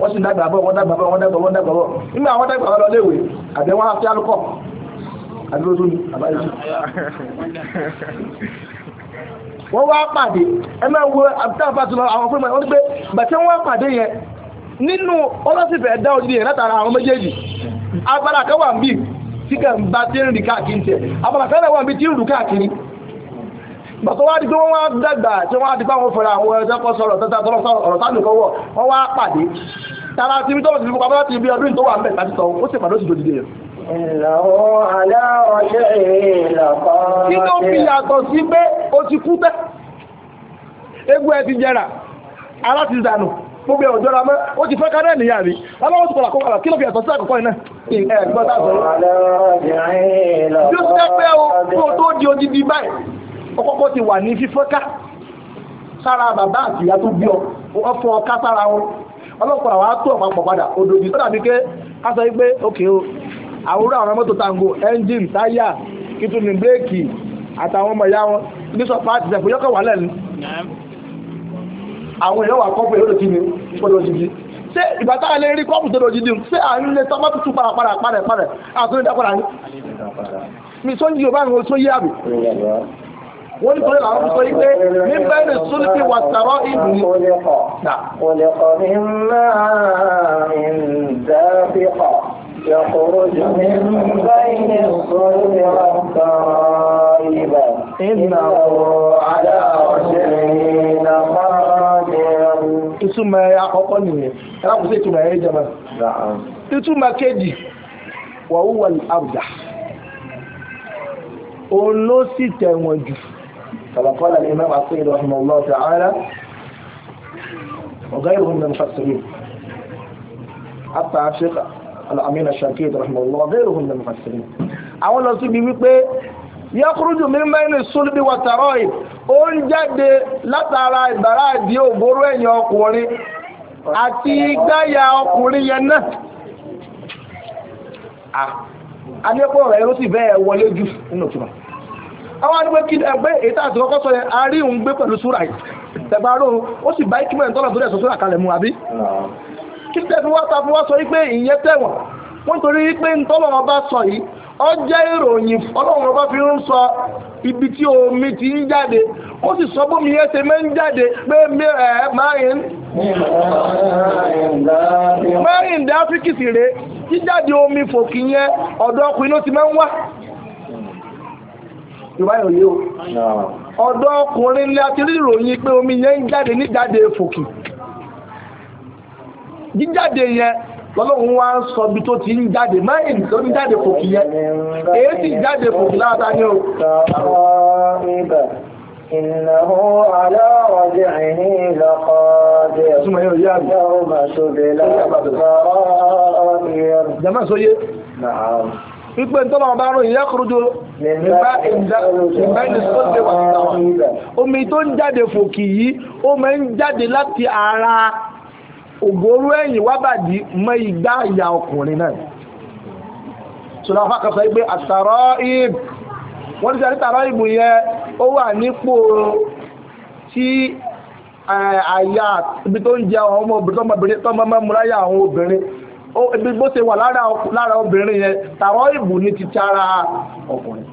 wọ́n sì n'agba abụọ, wọ́n dàgbà abụọ, wọ́n dàgbà bọ̀ wọ́n a nígbà wọ́n dàgbà bọ̀ lọ́lẹ́wé wọ́n á fi àdúrótó ni wọ́n wá pàdé ẹ máa wo àbútàbà àwọn wọ́n gbé bàtí wọ́n pàdé yẹn nínú ọlọ́sìfẹ́ òdìdí yẹn látara àwọn méjèèjì abala kan wà ń bàtọ́ wá di pé wọ́n wá dàgbà tí wọ́n á di pé àwọn fẹ̀rẹ̀ àwọn ẹ̀rọ tẹ́kọ̀ sọ̀rọ̀ tẹ́tà tọ́lọ́ ọ̀rọ̀ tá nìkan wọ̀ wọ́n wá pàdé tara ti ibi tó wọ́n ti fi kọ́ ti ibi ọdún tó wà mẹ́ta ti ó sì pàdé sì dòdìdè yẹn. kí ló fi yàtọ̀ sí pé ó ti kú tẹ́ egbò ẹ ti jẹrà ara ti dànù gbogbo ẹ̀ òjọ́ra mọ́ ó ti fẹ́ kárẹ́ nìyà rí aláwọ̀ sọ̀rọ̀ àkókò àlà kí ló fi ẹ̀tọ́ sí àkọ́kọ́ iná ẹ̀gbọ́n tá a sọ̀rọ̀ bí ó ti jẹ́ pé o tó di odidi báyìí ọkọ́kọ́ ti wà ní fífọ́ká sára bàbá àti ìyá tó bí ọ ọfọ ọká sára wọn ọlọ́pàá àwọn ató ọ̀pàpọ̀ padà òdòdì tó dàbí pé a sọ pé òkè o àwòrán àwọn mọ́tò tango ẹ́ńjìn táyà kìtùnú bírèkì àtàwọn ọmọ ìyá wọn ní sọpá àti ìṣẹ̀fọ́ yọ́kọ̀ wà lẹ́nu àwọn èèyàn wà kọ́pù èrò tí ni pọ̀lọ̀ jìjì ṣé ìbátá ilé rí kọ́pù tó lójì dìun ṣé àánú lè tọ́mọ́ tuntun para para para para àtúndà para ní mi sọ́njì yorùbá ni mo tó yé àbí wọ́n ní sọ́yìn làwọn sọ wípé ní bẹ́ẹ̀ni súnlẹ̀ wà sàrọ̀ ìlú ní. Kòlẹ̀kọ̀ àkọ́kọ́ nìyẹn ẹlápùsí ìtumọ̀ ẹ̀rẹ́ jẹma ìtumọ̀ kejì wà wúwà àrùdà òun ló sì tẹ̀wọ̀n jù كما قال الإمام عقيل رحمه الله تعالى وغيره من المفسرين حتى الشيخ الأمين الشنكيد رحمه الله وغيره من المفسرين àwọn lọ síbi wípé yakurudu mímẹ́rin sulbi wataroid ó ń jáde látara ìbára ìdí òbóró ẹ̀yìn ọkùnrin àti gbáyà ọkùnrin yẹn náà a ní pọ̀ rẹ̀ ló sì bẹ́ẹ̀ wọlé jù nínú òtúmọ̀ àwọn àdúgbò kí ẹgbẹ́ ètò àti kọ́kọ́ sọ yẹn a rí òun gbé pẹ̀lú súra yìí tẹ̀gbàrò ó sì bá ìkímọ̀ ìtọ́nà tó dẹ̀sọ̀ súra kalẹ̀ àbí kí wá ta fún wá sọ wípé ìyẹn tẹ̀wọ̀n wọ́n ọba sọ yìí jẹ́ ọba fi ń sọ ibi tí omi ti ń jáde ó sì sọ bómi yẹn ṣe máa ń jáde pé mẹ́rin eh, mẹ́rin dá áfíríkì rèé omi fòkì yẹn ọ̀dọ́ ọkùnrin ló ti máa Yorùbá yóò yé o. Ọ̀dọ́ ọkùnrin ni a ti rí ìròyìn pé omi yẹn ń jáde níjáde fòkì. Jíjáde yẹn lọ́lọ́run wá ń sọ bí tó ti ń jáde máyìn tó ń jáde fòkì yẹn. Èyí ti jáde fòkì láta ní o ipe tọ́lọ̀ ọba rún ìyá kúrújú nígbà ìdáìlì sọ́dẹ̀ wà nígbàwọ̀n omi tó ń jáde fòkì yìí ó mẹ́ ń jáde láti ara ògóró ẹ̀yìn wábàdí mọ́ igbá ìyá ọkùnrin náà ṣùgbọ́n afá kan sọ pé àtàrọ ìb wọ́n ti sẹ́ni tàrọ ìbù yẹn ó wà nípò tí àyà ibi tó ń jẹ àwọn ọmọbìnrin tọ́mọ mẹ́múráyà àwọn obìnrin ibi bó ṣe wà lára obìnrin yẹn tààrọ ìbù ní ti ti ara ọkùnrin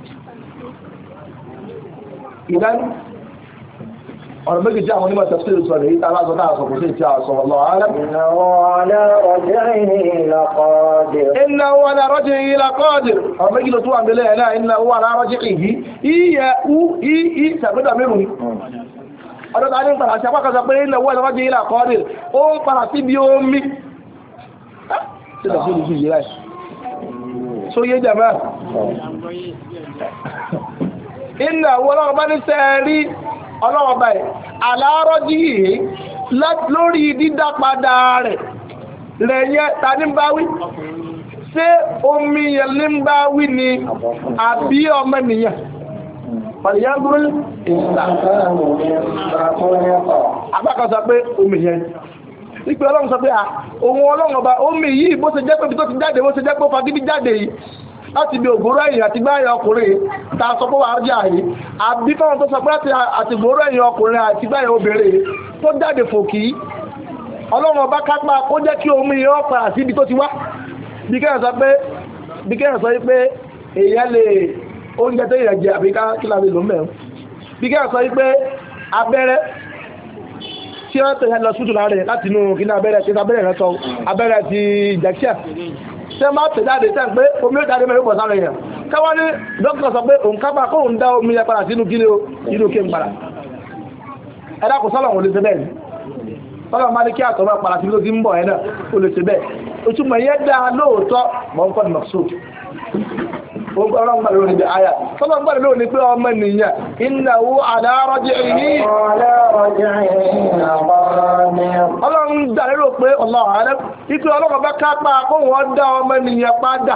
ìdán ọ̀rọ̀ méjì tí àwọn onímọ̀ tẹ̀sílì sọ rèé tá a bá sọ náà sọ kò sí ìtì àṣọ ọ̀lọ́ ààrẹ. ìnáwó alárọ́jì yìí lakọ́ọ̀dì ọ̀rọ̀ méjì ló u ii tàbídà mẹ́rù ni. ọ̀dọ́ta ní pàràṣẹ apákan sọ pé ìnáwó alárọ́jì yìí lakọ́ọ̀dì ó ń bí ó mí tí ìdàgbò lè fi yíra ẹ̀ tó yé jàmá iná àwọn ọlọ́run bá ní sẹ́ẹ̀rí ọlọ́run báyìí àlàárọ̀ jíyè lórí dídápadà rẹ̀ rẹ̀ yẹ ta ní bá wí ṣé omi yẹn ní bá wí ni àbí ọmọ nìyẹn pàdéyàgbọ́n ìsà àbákan sọ pé omi yẹn wípé ọlọ́run sọ pé à òun ọlọ́run ọba omi yìí bó ṣe jẹ́ pé tó ti jáde bó ṣe jẹ́ pé fagídí jáde yìí láti ibi ògbóró ẹ̀yìn àti gbáyà ọkùnrin ta sọ pé wàá jà yìí àbí fáwọn tó sọ pé àti ògbóró ẹ̀yìn ọkùnrin àti gbáyà obìnrin tó jáde fòkì ọlọ́run ọba kápá kó jẹ́ kí omi yìí ọ̀pá sí ibi tó ti wá bí kẹ́hìn sọ pé bí kẹ́hìn sọ pé èèyàn lè oúnjẹ tó yẹ jẹ àbí ká kí tí wọ́n tẹ̀yà lọ sútù láàrin láti inú kí ní abẹ́rẹ́ tí abẹ́rẹ́ rẹ̀ sọ abẹ́rẹ́ ti injection tí wọ́n bá tẹ̀ jáde tẹ́ pé omi ó jáde mẹ́rin bọ̀ sáré yẹn káwọ́ ní dókítà sọ pé òun kápá kó òun dá omi yẹn padà sínú kí inú kí n padà ẹ̀dá kò sọ́lọ̀ òun lè ṣe bẹ́ẹ̀ sọ́lọ̀ máa ní kí àtọ̀ bá padà sí ló ti ń bọ̀ ẹ̀ náà ó lè ṣe bẹ́ẹ̀ òtúmọ̀ yẹn dá lóòótọ́ mọ́ ọlọ́run bàrẹ̀ lónìí bí àyà ọlọ́run bàrẹ̀ lónìí pé ọmọ ènìyàn iná wo àdárọ́jẹ́ yìí ọlọ́run dàrẹ́ rò pé ọlọ́run ààrẹ ikú ọlọ́run bá kápá kó wọ́n dá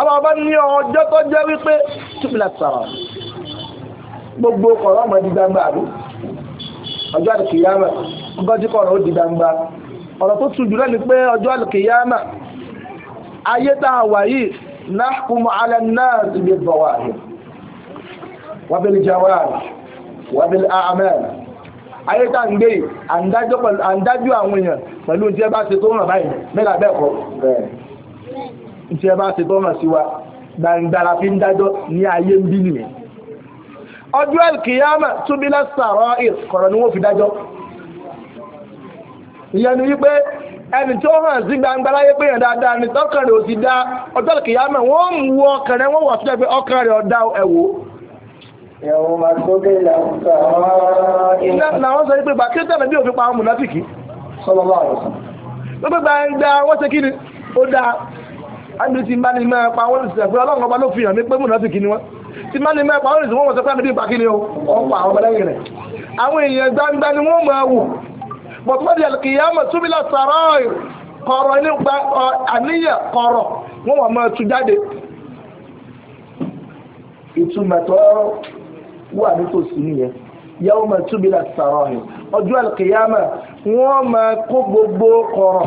àbàbá ní ọjọ́ tó jẹ́ wípé túbìlà sàrà gbogbo kọ̀rọ̀ ọmọ di gbangba àbí ọjọ́ àdìkìyàmà ọgbọ́n tí kọ̀rọ̀ ó di gbangba ọ̀rọ̀ tó tún jùlọ ni pé ọjọ́ àdìkìyàmà ayé yìí nahkumu ala an tí ẹ bá ṣe tọ́nà sí wa gbangbara fi ń dájọ́ ní ayé ń bí nìyẹn ọjọ́ alkiyama túbílẹ̀ sàrọ̀ ìkọ̀rọ̀ ni wọ́n fi dájọ́ ìyẹnu wípé ẹni tí ó hàn sí gbangbara yé pé yàn dáadáa ni tọ́kàn rẹ̀ ò ti dá ọjọ́ alkiyama wọ́n mú ọkàn rẹ̀ wọ́n wọ̀ sí ẹgbẹ́ ọkàn rẹ̀ ọ̀dá ẹ̀wò Gbogbo gbàǹgbà wọ́n ṣe kí ni? Ó dáa. àbí tí bá ní mẹ́rin pa wọ́n sì pé ọlọ́run ọba ló fi hàn mí pé múnà sí kí ni wọ́n tí bá ní mẹ́rin pa wọ́n sì wọ́n sọ pé àbí ìpàkí ni ó ọ̀pọ̀ àwọn ọmọdé rẹ̀ àwọn èèyàn gbangba ni wọ́n máa wò bọ̀tọ́dì alkiyama túbílà sàrọ́ọ̀ kọ̀rọ̀ nípa àníyàn kọ̀rọ̀ wọ́n wà máa tú jáde ìtumẹ̀tọ́ wà nítòsí nìyẹn yàwó máa túbílà sàrọ́ọ̀ ọjọ́ alkiyama wọ́n máa kó gbogbo kọ̀rọ̀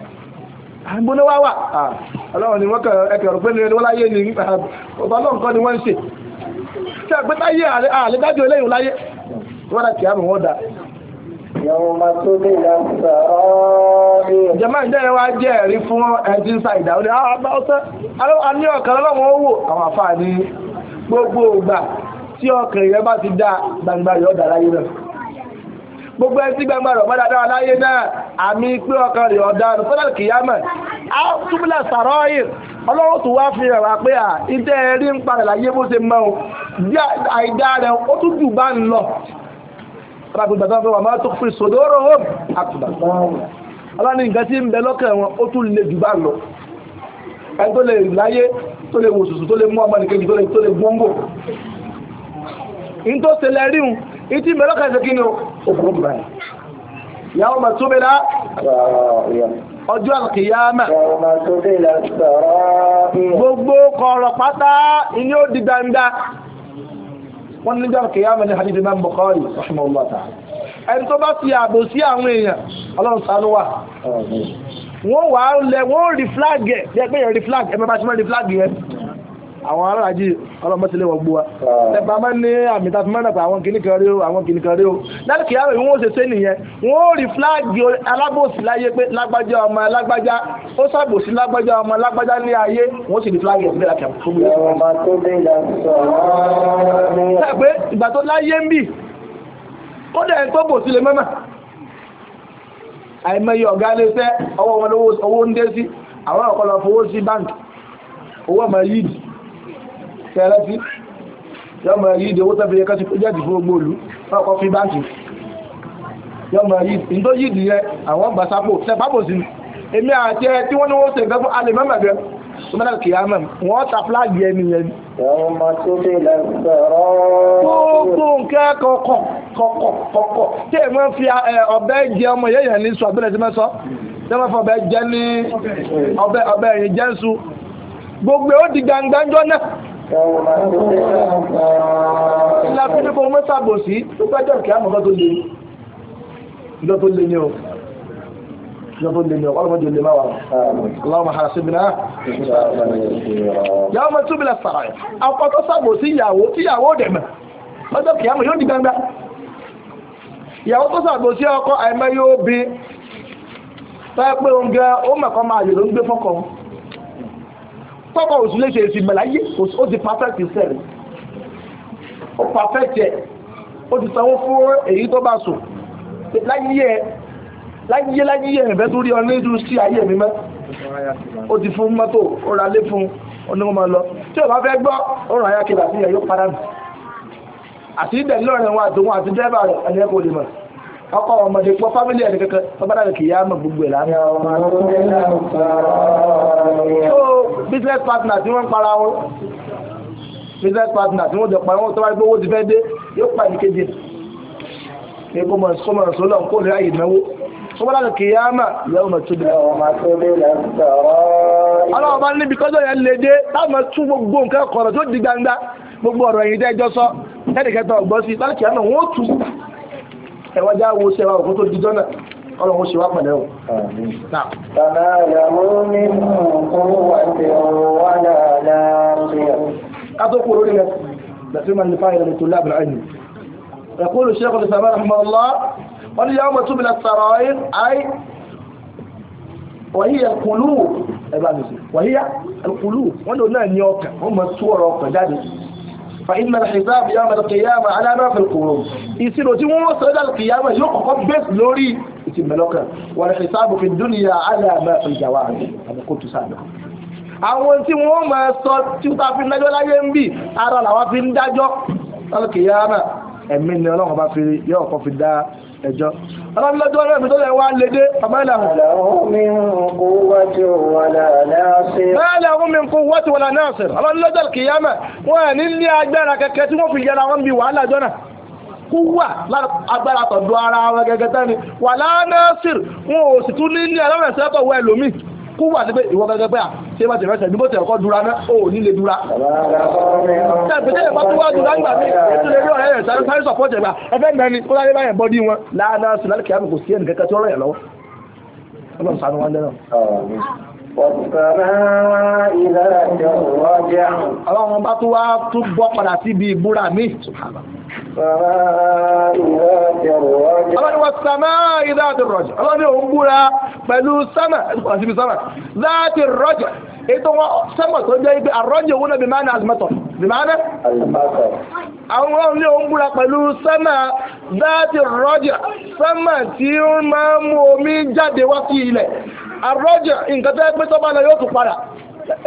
àgbóná wá wà ah, ọlọ́run ni wọ́n ẹ̀kẹ̀rọ pé ní wọ́n láyé ní ah, ọba náà nǹkan ni wọ́n ń ṣe tí a pẹ́ta yé àlẹ́ ah, dájú eléyìn láyé wọ́n láti àmì wọ́n dá jẹ́mọ́ ìjẹ́ ẹwà jẹ́ ẹ̀rí fún ẹ̀jín sáìdá ó ní àwọn ọkàn lọ́wọ́ wò àwọn àfáà ní gbogbo ìgbà tí ọkàn ìyẹn bá ti dá gbangba yọ̀ọ́dà láyé náà gbogbo ẹ̀ sí gbangba rọ̀ mọ́dá dára láyé náà àmì pé ọkàn rẹ̀ ọ̀daràn fẹ́lẹ̀ kìyàmẹ̀ á túbúlà sàrọ́yìn ọlọ́run tó wá fi hàn wá pé à ìdẹ́ rí ń parẹ̀ láyé bó ṣe mọ́ bí àìdá rẹ̀ ó tún jù bá ń lọ rábìgbà tó fẹ́ wà máa tó fi sòdóró home àtùbà ọlọ́run nǹkan tí ń bẹ lọ́kàn wọn ó tún le jù bá ń lọ ẹni tó lè láyé tó lè wò sùsù yàwó ma tó bèèrè ọjọ́ alkiyama gbogbo kọ̀rọ̀ pátá inú ó di gbangba wọ́n níjọ́ alkiyama ní hadith imam bukhari rahimahullah ta'ala ẹni tó bá fi ààbò sí àwọn èèyàn ọlọ́run wọ́n wà á lẹ wọ́n rí flag ẹ̀ bí ẹgbẹ́ flag ẹ̀ bá ti flag yẹn àwọn aráàjì ọlọ́mọ́sílẹ̀ wọ gbówá ah. lẹ́bàá máa ní àmì tàbí mẹ́rin pé àwọn kìnnìkan o àwọn kìnnìkan o láti kìí ìwọ̀n òṣèṣe nìyẹn wọ́n rí fúláàgì alábòsí láyé pé lágbájá ọmọ lágbájá ó ṣàbòsí lágbájá ọmọ lágbájá ní ayé wọ́n sì rí fúláàgì ọ̀gbẹ́ láti àìmọye ọ̀gá iléeṣẹ́ ọwọ́ wọn lówó ń dé sí àwọn ọ̀kọ́ lọ sí báńkì owó ọmọ yìí tẹ́rẹ́tí yọmọ yìí ìdíwó tẹ́bí yẹ kẹ́sí pẹ́jẹ́dì fún ogbó olú fi báńkì yọmọ yìí ìdó yìí dìyẹ àwọn ọgbà sápò tẹ́pápò sí ni èmi àti ẹ tí wọ́n ní wọ́n ṣe nǹkan fún alẹ́ mẹ́mẹ́ gẹ sọmọdé kìí àmọ́ ni. gbogbo nǹkan kọ̀kọ̀ kọ̀kọ̀ fi ọ̀bẹ jẹ ọmọ yẹn ní sọ abẹ́rẹ́ tí wọ́n ó di gbangbanjọ́ náà ìlà fi ní fọ́nmọ́ sàbò sí tó pẹ́jọ́ kí á mọ́ tó lè ìjọ tó lè ní o ìjọ tó lè ní o ọlọ́mọdé lè máa wà láwọn àṣà síbi náà yàwó mọ́ túbìlẹ̀ sàrà ọkọ̀ tó sàbò sí ìyàwó tí ìyàwó dẹ̀mẹ̀ lọ́jọ́ kí á mọ́ yóò di gbangba ìyàwó tó sàbò sí ọkọ̀ àìmọ́ yóò bí táyẹ̀ pé oúnjẹ ó mẹ́kọ́ máa yẹ̀ ló ń gbé tọ́kọ̀ òsù lè ṣe ìsìn mẹ́láyé ó ti perfect sẹ́rì ó perfect ẹ̀ ó ti sanwó fún èyí tó bá sùn láyé láyé láyé ẹ̀fẹ́ tó rí ọ̀nà ìdúró sí ayé mímọ́ ó ti fún mọ́tò ó ra lé fún onímọ̀ lọ tí ò bá fẹ́ gbọ́ ó ràn sí padà nù àti ọkọ̀ ọmọdé pọ̀ fámílì ẹni kankan ọbára kìí yá mọ̀ gbogbo ẹ̀ so business partner tí wọ́n ń para wọn business partner tí wọ́n jọ para wọn tó wáyé pé owó ti fẹ́ dé yóò pa ní kéde ní kó mọ̀ sọmọ sọlọ kó lè ráyè náwó ọbára kìí yá mọ̀ ìyàwó mọ̀ tóbi ọlọ́wọ́ bá níbi kọ́jọ́ yẹn lè dé táwọn tún gbogbo nǹkan kọ̀rọ̀ tó di gbangba gbogbo ọ̀rọ̀ yìí tẹ́jọ́ sọ ẹnìkẹta ọ̀gbọ́n sí bá ẹwàjá wo ṣe wa òkú tó di jọ́nà ọlọ́run ṣe wá pẹ̀lẹ́ o. Bàbá ìyàwó nínú òkú wà sí ọ̀rọ̀ wà láàárín. Ká tó أي wàhíyà kùlù ẹ̀bá mi sí wàhíyà kùlù wọ́n lò náà ní wọ́n mọ̀ sí ọ̀rọ̀ ọkàn jáde فإن الحساب يوم القيامة على ما في القلوب يصير تيمو سيد القيامة يقف بس لوري يتملوك والحساب في الدنيا على ما في الجوارح أنا كنت سابقا àwọn tí wọ́n máa sọ tí ó ta fi dájọ́ láyé ń bì ara làwọn fi ń dájọ́ lọ́lọ́kìyàmà ẹ̀mí ni ọlọ́run bá fi yọ́ ọ̀kan fi dá ẹjọ́ alábílẹ́jọ́ rẹ̀ tó lẹ̀ wá lédé àmọ́lẹ̀ àwọn min kún wọ́tí wọ́la náà sẹ̀rọ̀ alábílẹ́jọ́ kìyàmẹ̀ wọ́n ní ní agbára kẹ́kẹ́ kúwà agbára tọ̀dọ̀ ara wọn gẹ́gẹ́ tẹ́ni wà lánàá sírì wọn ò sì tún ní ní ẹlọ́rẹ̀ sẹ́tọ̀ wọ ẹlòmíì kú wà níbẹ̀ ìwọ gẹ́gẹ́ pé à ṣé bá ti rẹ́sẹ̀ bí bó ti ẹ̀kọ́ dura náà ó ní lè dura. ṣàpèjẹ́ ìbá tó wá dura nígbà mí ètò lè rí ọ̀rẹ́ rẹ̀ sáré sáré sọ̀pọ̀tì ẹ̀gbà ẹ̀fẹ́ mẹ́rin kó láyé báyẹn bọ́dí wọn láàánú sùlálì kìámù kò sí ẹnìkẹ́kẹ́ tí ó rẹ̀ lọ́wọ́ ọlọ́run sànú wọn lẹ́rọ̀. ọlọ́run bá tó wá tún bọ́ padà síbi ìbúra mi. Ọlọ́ni wọ sàmá ìdá àti rọ̀jù. Ọlọ́ni òun búra pẹ̀lú sàmà àti sàmà. Láti rọ̀jù. Ètò wọn sàmà tó jẹ́ ibi àrọ́jù òun náà bí máa ní àzùmọ́tọ̀. Bí máa ní? Àwọn ọlọ́ni òun búra pẹ̀lú sàmà láti rọ̀jù. Sàmà tí ó máa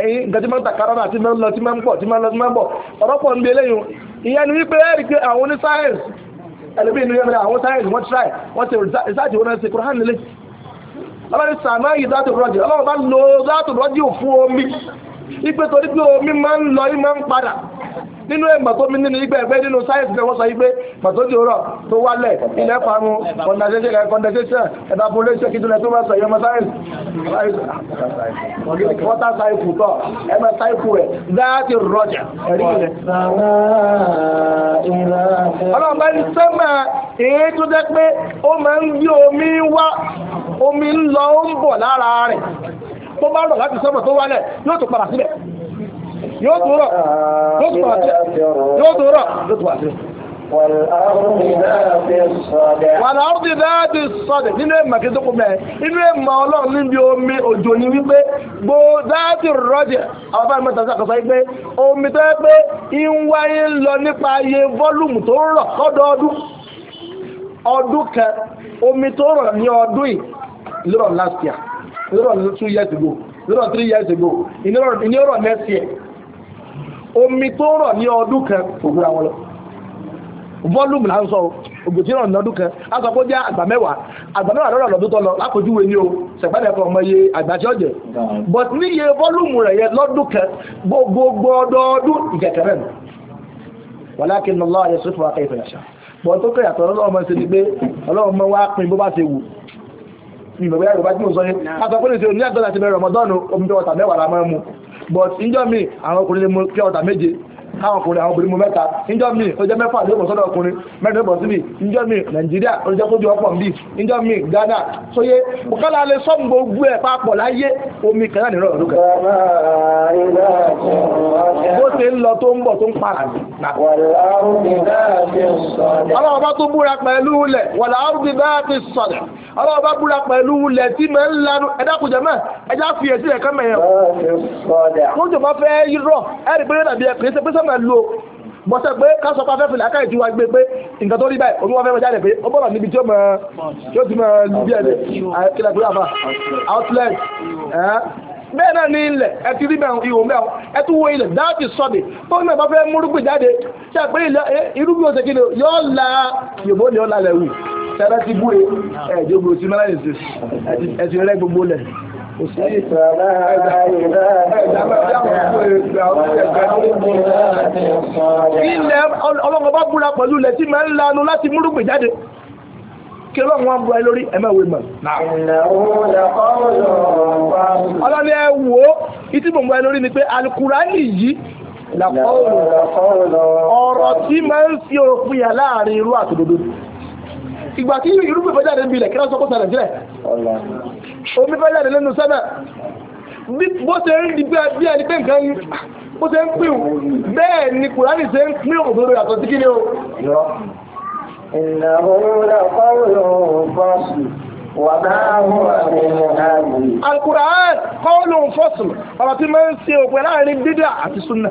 ẹ̀yìn nǹkan tí máa ń takara náà tí máa ń lọ tí máa ń pọ̀ tí máa ń lọ tí máa ń bọ̀ ọ̀rọ̀ pọ̀ ń bí eléyìí ni wípé ẹ̀rí pé àwọn oní sáyẹ̀nsì ẹlẹ́bí inú yẹn àwọn sáyẹ̀nsì wọ́n try wọ́n sàmá yìí dáàtò rọ́jì ọlọ́run bá lo dáàtò rọ́jì fún omi ipe torí pé omi máa ń lọ yìí máa ń padà nínú ẹ̀mọ̀ tó mi nínú igbẹ́ ẹgbẹ́ nínú sáyẹ̀nsì pé wọ́n sọ yí pé pàtó di tó wálẹ̀ ilẹ̀ fanu condensation evaporation kí tulẹ̀ tó máa sọ yọmọ sáyẹ̀nsì water cycle tọ̀ ẹ̀mọ̀ cycle rẹ̀ dáàtì rọjà ẹ̀rí ilẹ̀. ọlọ́run bá ń sẹ́mà èyí jẹ́ pé ó máa ń gbé omi wá omi ń lọ ń bọ̀ lára rẹ̀ tó bá rọ̀ láti sọ́mọ̀ tó wálẹ̀ yóò tó padà síbẹ̀ yóò tó rọ̀ yóò tó rọ̀ wàlárùdì dáàdì sọ́dẹ̀ nínú èmà kí tó kú mẹ́ inú èmà ọlọ́run níbi omi òjò ní wípé gbó dáàdì rọ́dì àwọn bá mẹ́ta sàkọsọ́ wípé omi tó yẹ pé ìwáyé lọ nípa iye vọ́lùmù tó ń rọ̀ lọ́dọọdún ọdún kan omi tó rọ̀ ní ọdún yìí lérò last year lérò two years ago lérò three years ago ìnírọ̀ next year omi tó rọ̀ ní ọdún kan ògùn àwọn lọ volume là ń sọ ògùn tí rọ̀ ní ọdún kan a sọ pé ó jẹ́ àgbà mẹ́wàá àgbà mẹ́wàá lọ́rọ̀ lọ́dún tó lọ lákòjúwe ní o sẹ̀gbẹ́dẹ̀ kan ọmọ iye àgbà tí ó jẹ but níye volume rẹ̀ yẹ lọ́dún kan gbogbo ọdọọdún ìkẹ̀kẹ̀rẹ̀ nù walakin Allah yasufu wa kayfa yasha bọ́n tó kẹ́yàtọ̀ ọlọ́ọ̀mọ́ sí ni pé ọlọ́ọ̀mọ́ wá pín bó bá ṣe wù ìmọ̀gbẹ́ yorùbá tí mo sọ yẹn a sọ pé ní ṣe oníyàtọ̀ láti bẹ̀rẹ̀ ọmọdọ́nù omi tó wọ́ta mẹ́wàá la máa mú but níjọ́ mi àwọn ọkùnrin lè mú pure water méje táwọn ọkùnrin àwọn obìnrin mú mẹ́ta níjọ́ mi ó jẹ́ mẹ́fà lóòpọ̀ sọ́dọ̀ ọkùnrin mẹ́rin lóòpọ̀ síbi níjọ́ mi nàìjíríà ó jẹ́ kójú ọ̀pọ̀ mi níjọ́ mi ghana sóyé bùkálà lè sọ́m gbogbo ẹ̀ papọ̀ láyé omi kẹ́lá nìrọ̀ ọ̀dún kan. bó ṣe ń lọ tó ń bọ̀ tó ń para ní. ọlọ́wọ́ bá tó búra pẹ̀lú ulẹ̀ wàlá áwùdí bá ti sọ̀dẹ̀ ọlọ́wọ́ bá búra pẹ̀lú ulẹ̀ tí mẹ́ ń lanu ẹ̀dá kùjẹ́ mẹ́ ẹ̀dá fi èsì ẹ̀kọ́ mẹ́yẹn. wọ́n jọba fẹ́ rọ̀ ẹ̀rí pé fẹ́ lò bọ́sẹ̀ pé kásọ̀ pa fẹ́ fìlà káyì tí wá gbé pé nǹkan tó rí báyìí orí wọn fẹ́ jáde pé ó bọ̀rọ̀ níbi tí ó mọ̀ tí ó ti mọ̀ lu bí ẹni kílẹ̀ tó yàfa outlet bẹ́ẹ̀ náà ní ilẹ̀ ẹ ti rí bẹ́ẹ̀ ihò mẹ́ọ̀ ẹ wo ilẹ̀ dáàbì sọ́dì tó ní ẹ̀bá fẹ́ múrúgbìn jáde ṣe pé irúgbìn òsèké ni yóò la yòbó ni ó la lẹ̀ wù ṣẹlẹ̀ ti bú ẹ ẹ̀ jógbó sí mẹ́rẹ́yìn sí ẹ gbogbo lẹ̀ وسيف لا ilẹ̀ ọlọ́run bá búra pẹ̀lú ilẹ̀ tí máa ń lanu láti múrùgbìn jáde kí ọlọ́run wá ń búra lórí ẹ̀mẹ́wé mọ̀. ọlọ́run ẹ wò ó ìtí mò ń lórí ni pé alukurani yìí ọ̀rọ̀ tí máa fi òpin yà láàrin irú àtòdodo ìgbà tí irúgbìn fẹ́ jáde níbi ilẹ̀ kí lọ́sọ́ kó sílẹ̀ omi fẹ́ lẹ́nu sẹ́nà bó ṣe ń di bí ẹni pé nǹkan bó ṣe ń pè bẹ́ẹ̀ ni kùránì ṣe ń pín òkòtò yàtọ̀ sí kí ni o. ìnáwó lọ́kọ́ Al-Qur'an fọ́sùn ọ̀rọ̀ tí máa ń ṣe láàrin bídà àti súnà.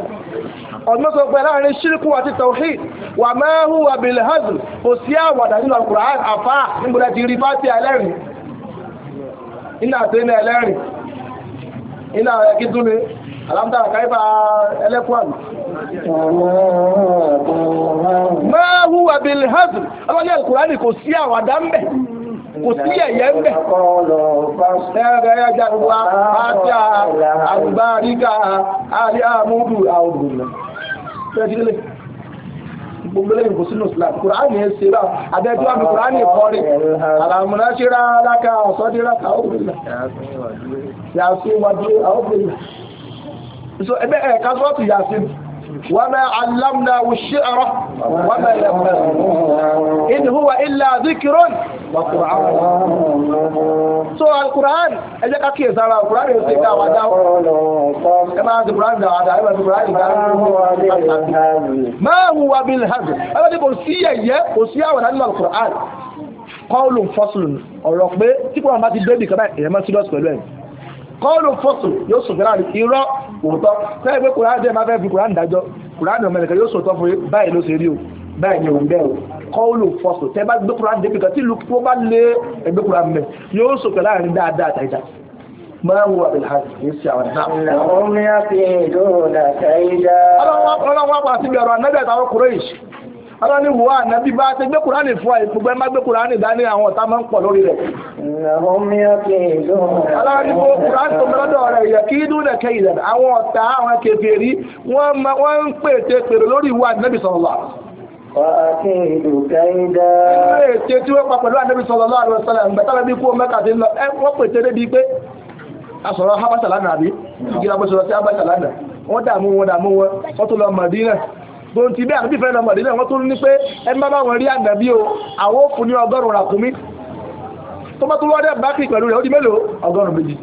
Ọdún tó pẹ̀ láàrin ṣíríkù àti tawhid wà máa hùwà bil hazl kò sí àwàdà nínú Al-Qur'an àfá ti rí fásí ẹlẹ́rìn. Iná àti iná Máa ọlọ́lẹ́ kò sí kò sí ẹ̀yẹ ń bẹ̀. ẹ̀rẹ̀ ẹja wa ajá àgbáríkà àríàmúdù àwòrán fẹ́dílé gbogbo lẹ́yìn kò sínú islam kùránì ẹ̀ ṣe bá abẹ́jú àmì kùránì kọrí àlàmùná ṣe rá aláka ọ̀sọ́díraka ọ̀bìnrin yàtọ̀ wàdúró ọ̀bìnrin so ẹgbẹ́ ẹ̀ka sọ́ọ̀tù yàtọ̀ so Al Quran, jẹ́ ká kíyè sára alukuraan yóò ṣe dáwà dáwà ẹ máa ṣe kuraan dáwà dáwà ẹ máa ṣe kuraan dáwà máa hu wa bil hazl ẹ bá ti kò sí ẹ̀yẹ kò sí àwọn àdínmọ̀ alukuraan kọ́ọ̀lù fọ́sùlù ọ̀rọ̀ pé tí kò máa ti débi kan báyìí ẹ̀yẹ máa serious pẹ̀lú ẹ̀ kọ́ọ̀lù fọ́sùlù yóò sùn fẹ́ràn irọ́ òótọ́ fẹ́ẹ́ pé kuraan dẹ́ máa fẹ́ fi kuraan dájọ́ kuraan ọmọ ẹ̀kẹ́ yóò sòótọ́ fún báyìí ló ṣe rí o bẹ́ẹ̀ ni òun bẹ́ẹ̀ o kọ́ọ̀lù fọ́sọ̀ tẹ́ bá gbé kúrán débi kan tí ìlú tó bá lé ẹgbẹ́ kúrán mẹ́ yóò sọ pẹ̀lú àárín dáadáa àtàìdá máa ń wọ àbẹ̀lẹ̀ kìí ṣe àwọn náà. ọ̀rọ̀ mi á fi ìdóòlà àtàìdá. ọlọ́run wá pa síbi ọ̀rọ̀ anábẹ́ àtàwọn kúrẹ́ yìí ọlọ́ ní wùwá ànábí bá ti gbé kúránì fún àìkú gbẹ́ má gbé kúránì dání àwọn ọ̀tá máa ń pọ̀ lórí rẹ̀. aláàdìbò kúránì tó mẹ́lọ́dọ̀ rẹ̀ yẹ kí inú rẹ̀ kẹ́yìn rẹ̀ àwọn ọ̀tá àwọn kèfèrí wọ́n ń pète pèrè lórí ìwà ànábì sọ̀rọ̀ Ètò tí wọ́n pa pẹ̀lú àdébí sallallahu alaihi wasallam ìgbẹ̀tàlá bí kú mẹ́ta ti lọ, wọ́n pè tẹ́lé bí pé aṣọ̀rọ̀ Habasa lánàá àbí, ìgbìlá bó ṣọ̀rọ̀ sí Habasa lánàá, wọ́n dààmú wọn dààmú wọn, wọ́n tó lọ Mádínà. Gbọ́n ti bí àbí fẹ́ lọ Mádínà, wọ́n tó ní pé ẹ má bá wọn rí àdàbí o, àwọn ò fún ní ọgọ́rùn-ún ràkúnmí. Tó bá tó lọ́dẹ̀ bá kì pẹ̀lú rẹ̀, ó di mélòó? ọgọ́rùn méjì.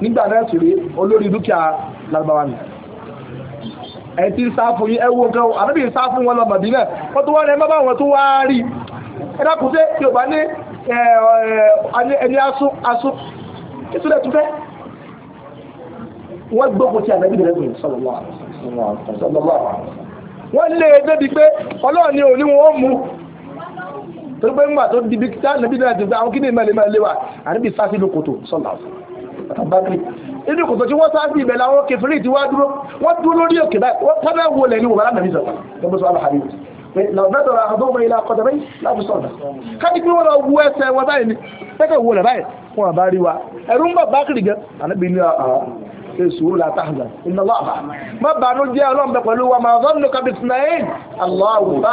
Nígbà náà sì rí olórí dúkìá Lárúbáwá nìyà ẹ̀ tí ń sá fún yí ẹwọ gan àbíbí ń sá fún wọn lọ Mádínà ó tó wọ́n rẹ̀ mọ́ bá wọn tó wá rí ẹ̀dàkùnṣe yóò bá ní ẹni asún asún ìtúlẹ̀ tún fẹ́ wọ́n gbógun ti ànábì rẹ̀ gbìn sọ́lọ́wọ́ wọ́n lé e débi pé ọlọ́ọ̀ni ò ní wọ́n mú torí pé ńgbà tó di bí kí tá ànábì rẹ̀ ti gba àwọn kí ni ìmọ̀lẹ́mọ̀ lé wa ànábì sáfì lókòtò sọ́lọ́wọ́ inú kòtò tí wọ́n sá sí ibẹ̀ láwọn kèfèrí ti wá dúró wọ́n dúró lórí òkè báyìí wọ́n tẹ́lẹ̀ wo lẹ́ni wò bá láàrín ìsọ̀tà lọ́gbọ́n sọ aláhàrí lọ́gbẹ́dọ̀ àdóbọ̀ ilá kọjọ́ bẹ́yìn láti sọ̀tà káàkiri pé wọ́n lọ wú ẹsẹ̀ wọn báyìí ni pẹ́kẹ̀ wo lẹ̀ báyìí wọn bá rí wa ẹ̀rú ń bọ̀ bá kiri gan ànábi ní sùúrù la tahzan inna Allah má bàánú jẹ́ ọlọ́run bẹ pẹ̀lú wa ma zannuka bi ithnayn Allahu bá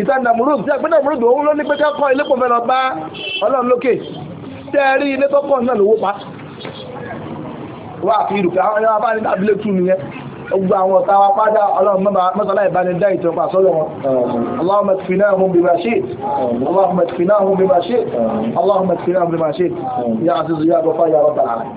ìta nàmúròdù tí àgbẹ̀dà nàmúròdù òun ló ní pé kẹ́kọ̀ọ́ ilé pọ̀ fẹ́ lọ bá ọlọ́run lókè tẹ́ rí ilé tọ́kọ̀ náà lówó pa wá fi ìrùkẹ́ àwọn ẹ̀yà bá ní abúlé tù nìyẹn gbogbo àwọn ọ̀tá wa pádà ọlọ́run mọ́sálá ìbánidá ìtàn pa sọ́lọ́ wọn Allahumma kfinahum bima shi'ta Allahumma kfinahum bima shi'ta Allahumma kfinahum bima shi'ta ya azizu ya ghaffar ya rabbal alamin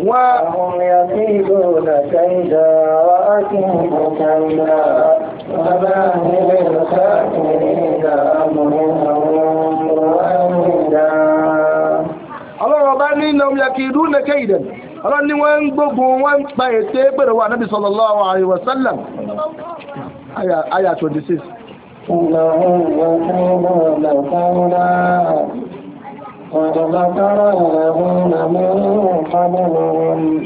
وهم يكيدون كيدا وأكيد كيدا فباهل الخاسرين أمرهم رشدا ọlọ́rọ̀ bá ní ìlọ́m yàkìdú na kéìdẹ̀n ọlọ́rọ̀ ni wọ́n ń gbogbo wọ́n ń pa ètè pẹ̀lú wà nábi sallallahu alaihi wasallam aya 26 وذكر الذين من قبلهم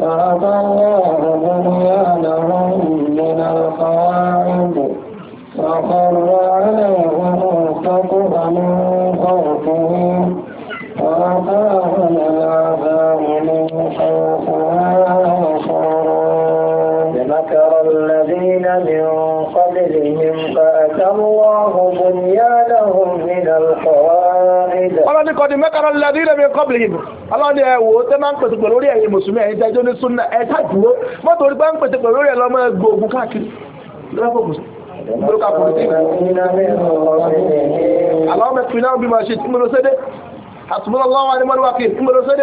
فأضلوا بنيانهم من القواعد وخر عليهم القطب من فوقهم وأتاهم العذاب من خوفها مكر الذين من قبلهم فأتى الله بنيانهم من القواعد ọlọ́ni kọ́dí mẹ́kànlá lẹ́dí lẹ́bí kọ́bìlì yìí ọlọ́ni ẹ̀wò tẹ́ máa ń pèsè pẹ̀lú orí ẹ̀yìn mùsùlùmí ẹ̀yìn tẹ́jọ́ ní súnà ẹ̀ta dúró mọ́tò orí bá ń pèsè pẹ̀lú orí ẹ̀ lọ́mọ ẹgbẹ́ ogun káàkiri lọ́gbọ̀gbọ̀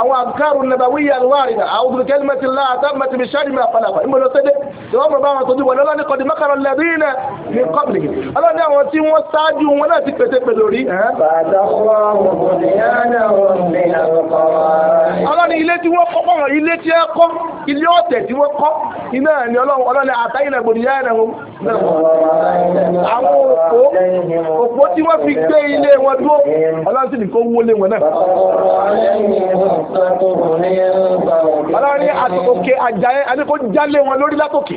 àwọn àkàrùn nàbàwíyà lọ́wọ́ àrìnà àwọn obìnrin kẹ́lìmẹ́tì láàtà mẹ́tì bí sáré mẹ́ta pàdàpà ìmọ̀lọ́sẹ́dé yóò mọ̀ bá wọn tójú wọn lọ́lọ́ ní kọ́dí mọ́kànlá lẹ́bí ilẹ̀ ní kọ́bìlì ọlọ́ni àwọn tí wọ́n ṣáájú wọn náà ti pèsè pèlò rí. ọlọ́ni ilé tí wọ́n kọ́kọ́ wọn ilé tí ẹ kọ́ ilé ọ̀tẹ̀ tí wọ́n kọ́ iná ni ọlọ́ni àtàyìnà gbòdìyà ẹ̀rẹ̀ wọn. àwọn òpó òpó tí wọ́n fi gbé ilé wọn dúró ọlọ́ni ní kó jálé wọn lórí látòkè.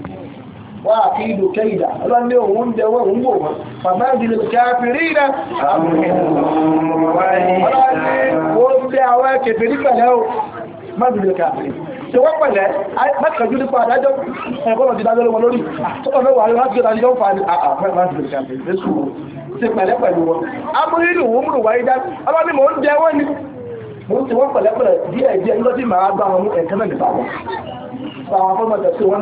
wà á fi ìdò kẹ́ìdà ọlọ́lẹ́ òun jẹ́ òun wò wọ́n bàbá ìdílé káfírí náà ọlọ́lẹ́ àwọn ẹ̀kẹ̀fẹ̀ nípẹ̀lẹ́ o má ìdílé káfírí ṣe wọ́n pẹ̀lẹ́ mẹ́kànjú nípa àdájọ́ ẹ̀kọ́nà ti dájọ́ lórí tọ́kọ̀ mẹ́wàá lọ́wọ́ láti gbọ́dá yóò fa ní àpẹẹrẹ má ìdílé káfírí lẹ́sùn ṣe pẹ̀lẹ́ pẹ̀lú wọn amúrírù wọn múrù wáyé dá ọba ní mò ń jẹ wọ́n ni wọ́n pẹ̀lẹ́pẹ̀lẹ́ díẹ̀ díẹ̀ nígbà tí màá gbà wọn mú ẹ̀kẹ́ náà nípa wọn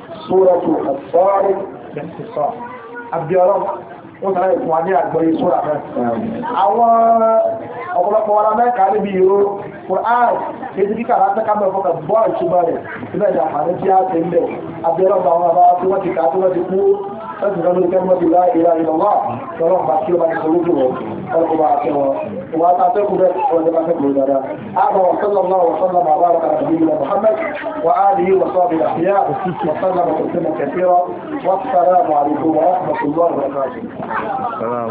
سورة الصارم باختصار abiyarọ́m wọ́n sáré fún wa ní àgbọ́yé sóra náà àwọn ọ̀pọ̀lọpọ̀ wọn amẹ́ka níbi ìró Quran ètí kíkà látẹ́ká mẹ́ fọ́kà bọ́ ìtumọ̀ rẹ̀ síbẹ̀ ìjà àǹfààní tí a ti ń bẹ̀ abiyarọ́m àwọn bàbá tí wọ́n ti láti sọ lórí kẹ́mọ́ ti láì ìlà ìlọ wà tọ́rọ bá kí ó bá ìṣòro jù wọ́n ọkọ̀ bá àti wọn wà tàbí kú bẹ́ẹ̀ wọ́n bá Muhammad wà á rí wọ́sọ́ bí àfíà wọ́sọ́lọ́ bàbá kò sí mọ̀ kẹfẹ́ wọ́n sọ́lọ́ bàbá kò